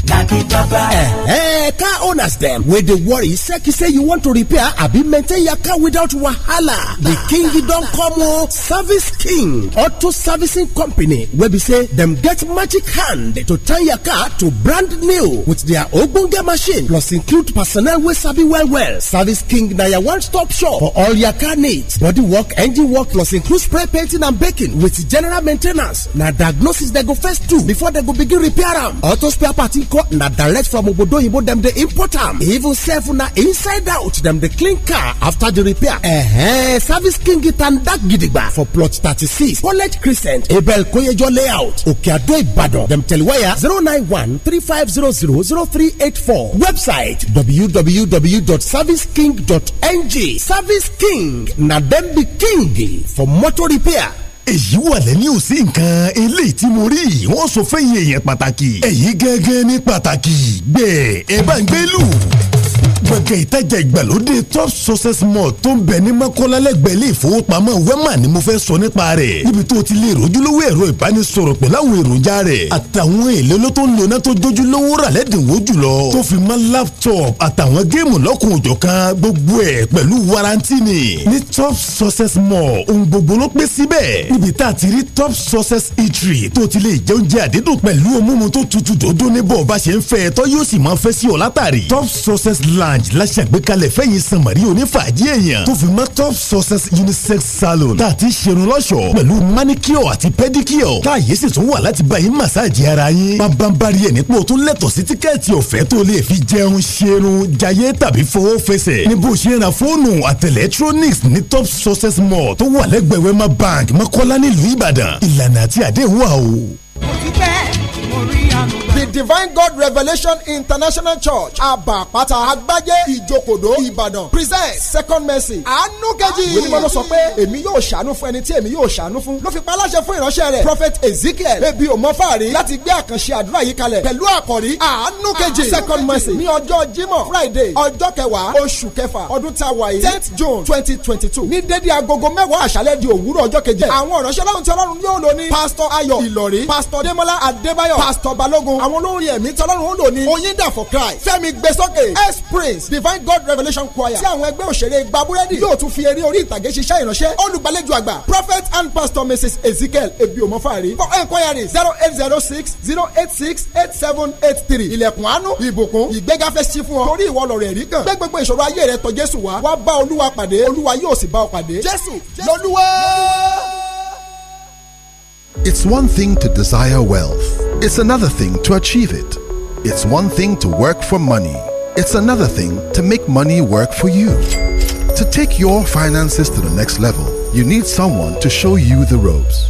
na di eh. eh car owners them where they worry seki say you want to repair I be maintain your car without wahala The king don't come o oh. service king auto servicing company where we say them get magic hand to turn your car to brand new with their ogbonge machine plus include personnel wey sabi well well service king na your one stop shop for all your car needs body work engine work plus include spray painting and baking with general maintenance. Now diagnosis they go first too before they go begin repair auto spare party. costco na direct from obodo oyinbo dem dey import am even sef na inside out dem dey clean car after the repair Eh -huh. service king tanda gidigba for plot thirty-six college crescent abel koyejo layout okeado ibadan dem telewire zero nine one three five zero zero zero three eight four website www.serviceking.ng service king na dem be king for motor repair èyí wà lẹ́ni ò sí nǹkan eléyìí tí mo rí wọ́n sọ fẹ́yìn èèyàn pàtàkì èyí gẹ́gẹ́ ní pàtàkì gbẹ̀ẹ́ ẹ bá ń gbé lù gbẹ̀gẹ̀ ìtajà ìgbàlódé top success mall tó ń bẹ ní mọ́kànlá lẹ́gbẹ̀ẹ́ ilé ìfowópamọ́ wema ni mo fẹ́ sọ nípa rẹ̀ níbi tó ti lè rojúlówó ẹ̀rọ ìbánisọ̀rọ̀ pẹ̀lú àwọn èròjà rẹ̀ àtàwọn èlé ló tó ń lona tó dójúlówó rà lẹ́dínwó jùlọ tó fi mọ́ laptop àtàwọn géèmù lọ́kùn òjọ̀ kan gbogbo ẹ̀ pẹ̀lú warranty ni ní top success mall ohun gbogbo ló pé síbẹ̀ níbi tá a ti rí top success eatery tó ti lè jẹ oúnjẹ àdídùn pẹ̀lú òmùmù tó tutù dòdó níbọ̀ bá ṣe ń fẹ́ tọ́ yóò sì máa fẹ́ sí ọ látàrí top success lounge la ṣàgbékalẹ̀ fẹ́yìn sanmari onífàájì èèyàn tó fi mọ́ top success unisex salon tá a ti ṣerun lọ́ṣọ̀ pẹ̀lú manicure àti pedicure tá a yẹ sì tún wà láti bá yín massage ara yín bámbámbárí ẹ̀ nípò tó lẹ́tọ̀ sí tíkẹ́ẹ̀tì ọ̀fẹ́ tó lè fi jẹun ṣerun jayé tàbí fowó fẹsẹ̀ ní bó ṣe ra fóònù àti electronics ní top success mall tó wà lẹ́gbẹ̀ẹ́ wema bank mọ́kọ́lá nílùú ìbàdàn ìlànà àti àdéhùn wà The Divine God Revelation International Church Abapata Agbaje Ijokodo Ibadan presents Second Mercy Àánú kejì. Wíwọ́n ló sọ pé èmi yóò ṣàánú fún ẹni tí èmi yóò ṣàánú fún. Ló fi paláṣẹ fún ìránṣẹ́ rẹ̀ Prophet Ezekiel Ebi Omofari láti gbé àkànṣe àdúrà yìí kalẹ̀ pẹ̀lú àkọ́rí Àánú kejì Second Mercy ní ọjọ́ Jímọ̀ Friday ọjọ́ kẹwàá oṣù kẹfà ọdún tá a wà yìí tenth June twenty twenty two ní dédé agogo mẹ́wàá àṣálẹ́ di òwúrọ̀ ọjọ́ kejì. Àwọn ìránṣẹ́ láwùjọ Ọlọ́run yóò lò ní Pastor Ayọ̀ Pastor démọ́lá adébáyọ̀ pásítọ̀ balógun àwọn olórí ẹ̀mí tọ́lọ́run ó lò ní oyinda for christ fẹ́mi gbèsókè s praise divine god revelation choir tí àwọn ẹgbẹ́ òṣèré gbàbúrẹ́dì yóò tún fi eré orí ìtàgé ṣiṣẹ́ ìránṣẹ́ olùgbàlejò àgbà prophet and pastor mrs ezekiel ebiomofari for enquiry zero eight zero six zero eight six eight seven eight three ilẹ̀kùn àánú ìbùkún ìgbéga fẹ́ sí fún ọ torí ìwọ lọ̀rẹ̀ rí kàn gbé gbogbo ìṣòro ayé rẹ tọ̀ jésù wá wá bá olúwa pàdé olúwa yóò sì bá ọ pàdé jésù lọ́lúwa. It's one thing to desire wealth. It's another thing to achieve it. It's one thing to work for money. It's another thing to make money work for you. To take your finances to the next level, you need someone to show you the ropes.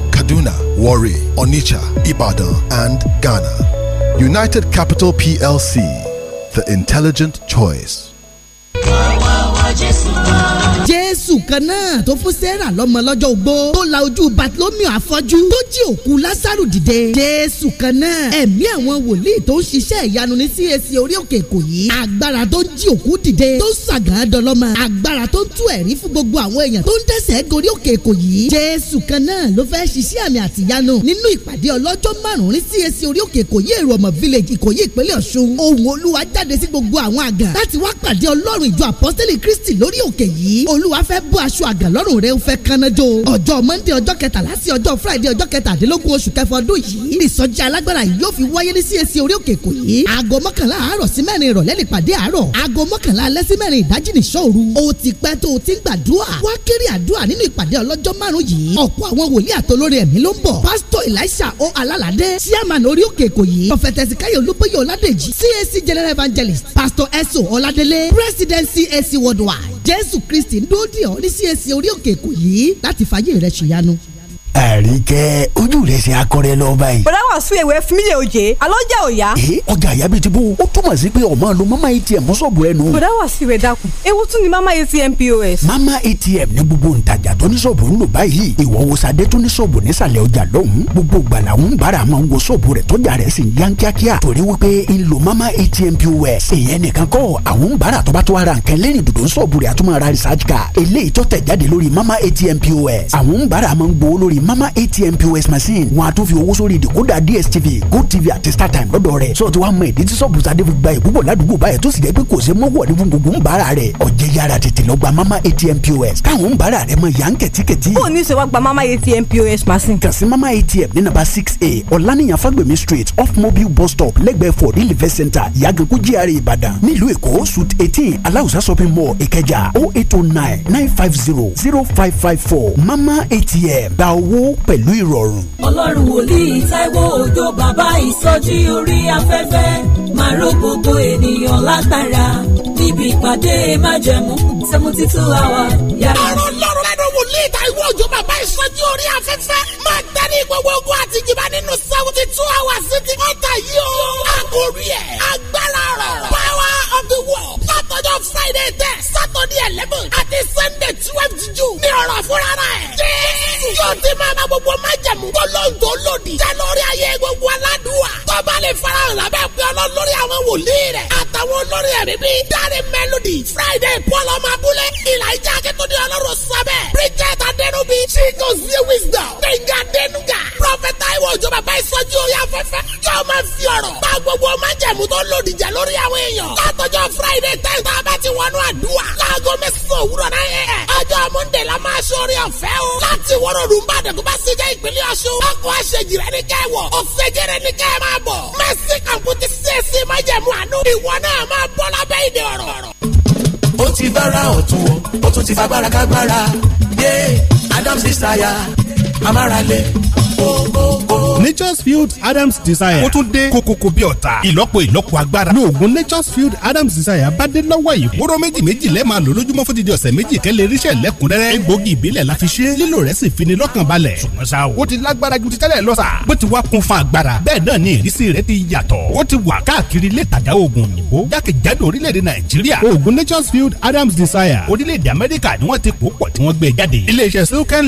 Kaduna, Warri, Onitsha, Ibadan, and Ghana. United Capital PLC, the intelligent choice. Jesus. jésù kan náà tó fún sarah lọ́mọ lọ́jọ́ ogbó tó la ojú bartolomeo afọ́jú tó jí òkú lásàrò dìde jésù kan náà ẹ̀mí àwọn wòlíì tó ń ṣiṣẹ́ ìyanu ní CAC orí òkè ìkòyí agbára tó ń jí òkú dìde tó ń sàgàn dọlọ́mọ agbára tó ń tú ẹ̀rí fún gbogbo àwọn èèyàn tó ń tẹ̀sẹ̀ gorí òkè ìkòyí jésù kan náà ló fẹ́ ṣiṣẹ́ àmì àtìyanu nínú ìpàdé ọlọ́jọ́ márùn-ún ní CAC orí òkè ìkòyí èrò ọmọ village ìkòyí ìpínlẹ̀ ọ̀ṣun ohùn olúwa jáde sí gbogbo àwọn àgàn láti wá pàdé ọlọ́run ìjọ àpọ́sítélì kristi lórí òkè yìí olúwa fẹ́ bú aṣọ àgàlọ́rùn rẹ̀ ń fẹ́ kánájó ọjọ́ monday ọjọ́ kẹtàlá sí ọjọ́ friday ọjọ́ kẹtàdínlógún oṣù kẹfọ ọdún yìí ìsọjí alágbára yìí yóò fi wáyé ní CAC orí òkè èkó yìí aago mọ́kànlá àárọ̀ sí mẹ́rin ìrọ̀lẹ́ nípàdé àárọ̀ aago mọ́kànlá alẹ́ sí mẹ́rin ìdájí nìṣọ́ òru o ti pẹ́ tó o ti ń gbàdúrà wá kéré àdúrà nínú ìpàdé ọlọ́jọ́ márùn yìí ọ̀pọ̀ àwọn wòlíì àtolórí ẹ̀mí ló ń bọ̀ pásítọ̀ elisha o alálàdé chairman orí òkè èkó yìí prọfẹtẹsì káyọ̀ olúbóyè ọládèjì CAC general evangelist pásítọ̀ ẹ̀sùn ọládélé president CAC worldwide jésù kristi ń dúró dì ọ̀ ní CAC e orí òkè èkó yìí láti fàyè rẹ̀ ṣìyanu àríkẹ́ ojú rẹ̀ ṣe akọrẹ lọ báyìí. bọ̀dá wà sún ewé fún mi lè oje alọ́ jẹ́ òya. ee ọjà àyà bíi ti bó túmọ̀ sí pé ọmọ lo mama atm mọ́sọ̀bù ẹnu. bọ̀dá wà sí ìwé dákun ewu tún ni mama atm pos. mama atm ní gbogbo ntajà tó ní sọ̀bù ń lò báyìí ìwọ wo sadé tó ní sọ̀bù nísàlẹ̀ ọjà lọ́hùn-ún gbogbo gbala ń bára máa ń wo sọ̀bù rẹ̀ tọ́jà rẹ̀ sì yan kíákíá torí mama atm pos èèyàn nìkan kọ́ àwọn ń bára tó bá tó ara nǹkan lẹ́yìn dòdò sọ̀bù rẹ̀ àtúmọ̀ mama atm pos àwọn ń bára máa mama atm pos machine wọn àtúnfi owó sórí ìdìkódà dstv gotv àti startime lọ́dọ̀ rẹ̀ sọ ti wá mọ ìdí tí sọ́ọ̀bù sadé fi gba ìbúbọ̀ ládùúgbò báyìí tó sì jẹ́ pé kò ṣe mọ́wọ́ ní gbogbo ń bára rẹ̀ ọ̀jẹ̀ yára tètè lọ gba mama atm pos káwọn ń bára rẹ̀ mọ ìyá ń kẹ̀tíkẹ̀tí. ó ní ṣe wá gba mama atm pos machine. kàn sí mama atm ní nàbà six a ọ̀lànìyàn fagbemi street off mobile bus stop lẹ́gbẹ̀ẹ́ for delivery center ìyàgànkú gr ìbàdàn nílùú èkó suit eighteen aláwùsá shopping mall ìkẹjà o oh eight o oh nine nine five zero zero five five four mama atm gba owó owó pẹ̀lú ìrọ̀rùn. ọlọ́run wòlíì Táíwò Òjó bàbá ìsọjí orí afẹ́fẹ́ máa ró gbogbo ènìyàn látara níbi ìpàdé májẹ̀mú seventy two hours yàrá. ọ̀rọ̀ lọ́rùn lẹ́nu wòlíì Táíwò Òjó bàbá ìsọjí orí afẹ́fẹ́ máa tẹ́lẹ̀ gbogbo ogun àti ìjìbá nínú seventy two hours ti ọ̀tà yìí o. àkòrí ẹ̀ agbára rẹ̀ power of the world látọjọ́ Friday ten Saturday eleven àti Sunday twelve June ní ọ̀rọ̀ fúnra rẹ̀ yóò ti máa ma gbogbo májàmú kó lóhùn lòdì jẹ́ ayé gbogbo aládùúwà tọ́ba lè farahàn lábẹ́ pé ọlọ́run lórí àwọn wòlíì rẹ̀ àtàwọn olórí ẹ̀mí bíi dáre melody friday paul ọmọbúlé ìlàjà akẹ́kọ̀ọ́ ọlọ́run sábẹ́ bridget adẹnubi chico wisdom gbẹ̀ngà adẹnu wo ìjọba bá ìsọjí orí afẹ́fẹ́ yóò máa fi ọ̀rọ̀ bá gbogbo májẹ̀mú tó lòdì jẹ́ lórí àwọn èèyàn látọjọ́ friday ten tá a bá ti wọnú àdúrà láago mẹ́sàn-án òwúrọ̀ náà yẹ ọjọ́ monday la máa ṣe orí ọ̀fẹ́ o láti wọ́rọ̀ ọdún bá dẹ̀ bá sí jẹ́ ìpínlẹ̀ ọ̀ṣun ọkọ̀ àṣejì rẹ̀ ní kẹ́ wọ̀ òṣèjì rẹ̀ ní kẹ́ amárale nature's field adams desire. ó tún dé kókókó bí ọ̀tá. ìlọ́po ìlọ́po agbára. lóògùn nature's field adams desire bá dé lọ́wọ́ yìí. wóró méjì méjì lẹ́ẹ̀ma lò lójúmọ́ fún dídí ọ̀sẹ̀ méjì kẹ́lẹ́ irísẹ́ lẹ́kùnrẹ́rẹ́. egbògi ìbílẹ̀ la fi ṣe. lílo rẹ̀ sì fi ni lọ́kàn balẹ̀. ṣùgbọ́n sa o. ó ti lágbára ju ti tẹ́lẹ̀ lọ sa. bó ti wá kun fún agbára. bẹ́ẹ̀ náà ni ìrísí rẹ̀ ti yàtọ̀. ó ti wà káàkiri nature's field adams desire. orílẹ̀-èdè amẹ́ríkà ni wọ́n ti pòpọ̀ tí wọ́n gbé jáde.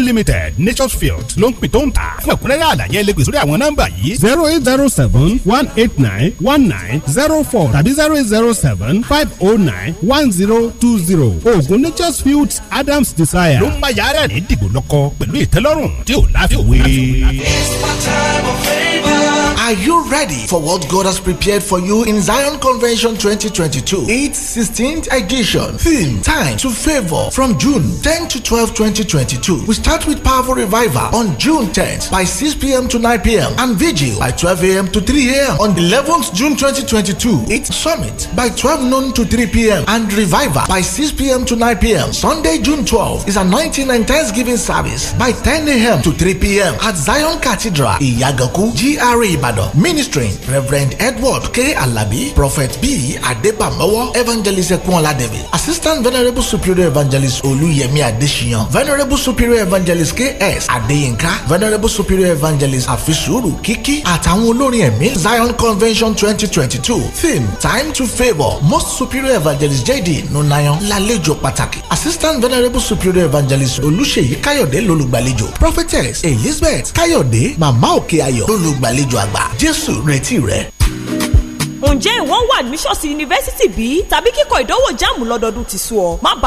limited nature's field product ló ń pè tó ń tà. fún ẹ̀kúnrẹ́rẹ́ àlàyé ẹ lè pè sórí àwọn nọ́mbà yìí. zero eight zero seven one eight nine one nine zero four tàbí zero eight zero seven five oh nine one zero two zero. oògùn nature's fields Adams Desire. ló ń bá yàrá rẹ̀ dìgbò lọ́kọ pẹ̀lú ìtẹ́lọ́rùn tí ò láfiwé. Are you ready for what God has prepared for you in Zion Convention 2022? 8th, 16th edition. Theme, time to favor from June 10 to 12, 2022. We start with Powerful Revival on June 10th by 6 p.m. to 9 p.m. and Vigil by 12 a.m. to 3 a.m. On 11th June 2022, it's Summit by 12 noon to 3 p.m. and Revival by 6 p.m. to 9 p.m. Sunday, June 12th is a 19 and Thanksgiving service by 10 a.m. to 3 p.m. at Zion Cathedral, Iyagaku, GRA, Ibadan. Ibadan ministering Reverend Edward K. Alabi Prophet B. Adebamowo Evangelist Ekunola David Assistant Venerable Superior Evangelist Oluyemi Adesina Venerable Superior Evangelist K.S. Adeyinka Venerable Superior Evangelist Afisuru Kiki àtàwọn olórin ẹ̀mí Zion Convention twenty twenty two theme time to favour most superior evangelist J.D. Nunayan lálejò pàtàkì Assistant Venerable Superior Evangelist Olúṣèyí Káyọ̀dé lolùgbàlejò Prophetess Elizabeth Káyọ̀dé Màmá Òkè Ayọ̀ lolùgbàlejò àgbà gbà jésù retí rẹ ǹjẹ́ ìwọ́n wà admission sí yunifásitì bí? tàbí kíkọ ìdánwò jáàmù lọ́dọọdún ti sú ọ? má bá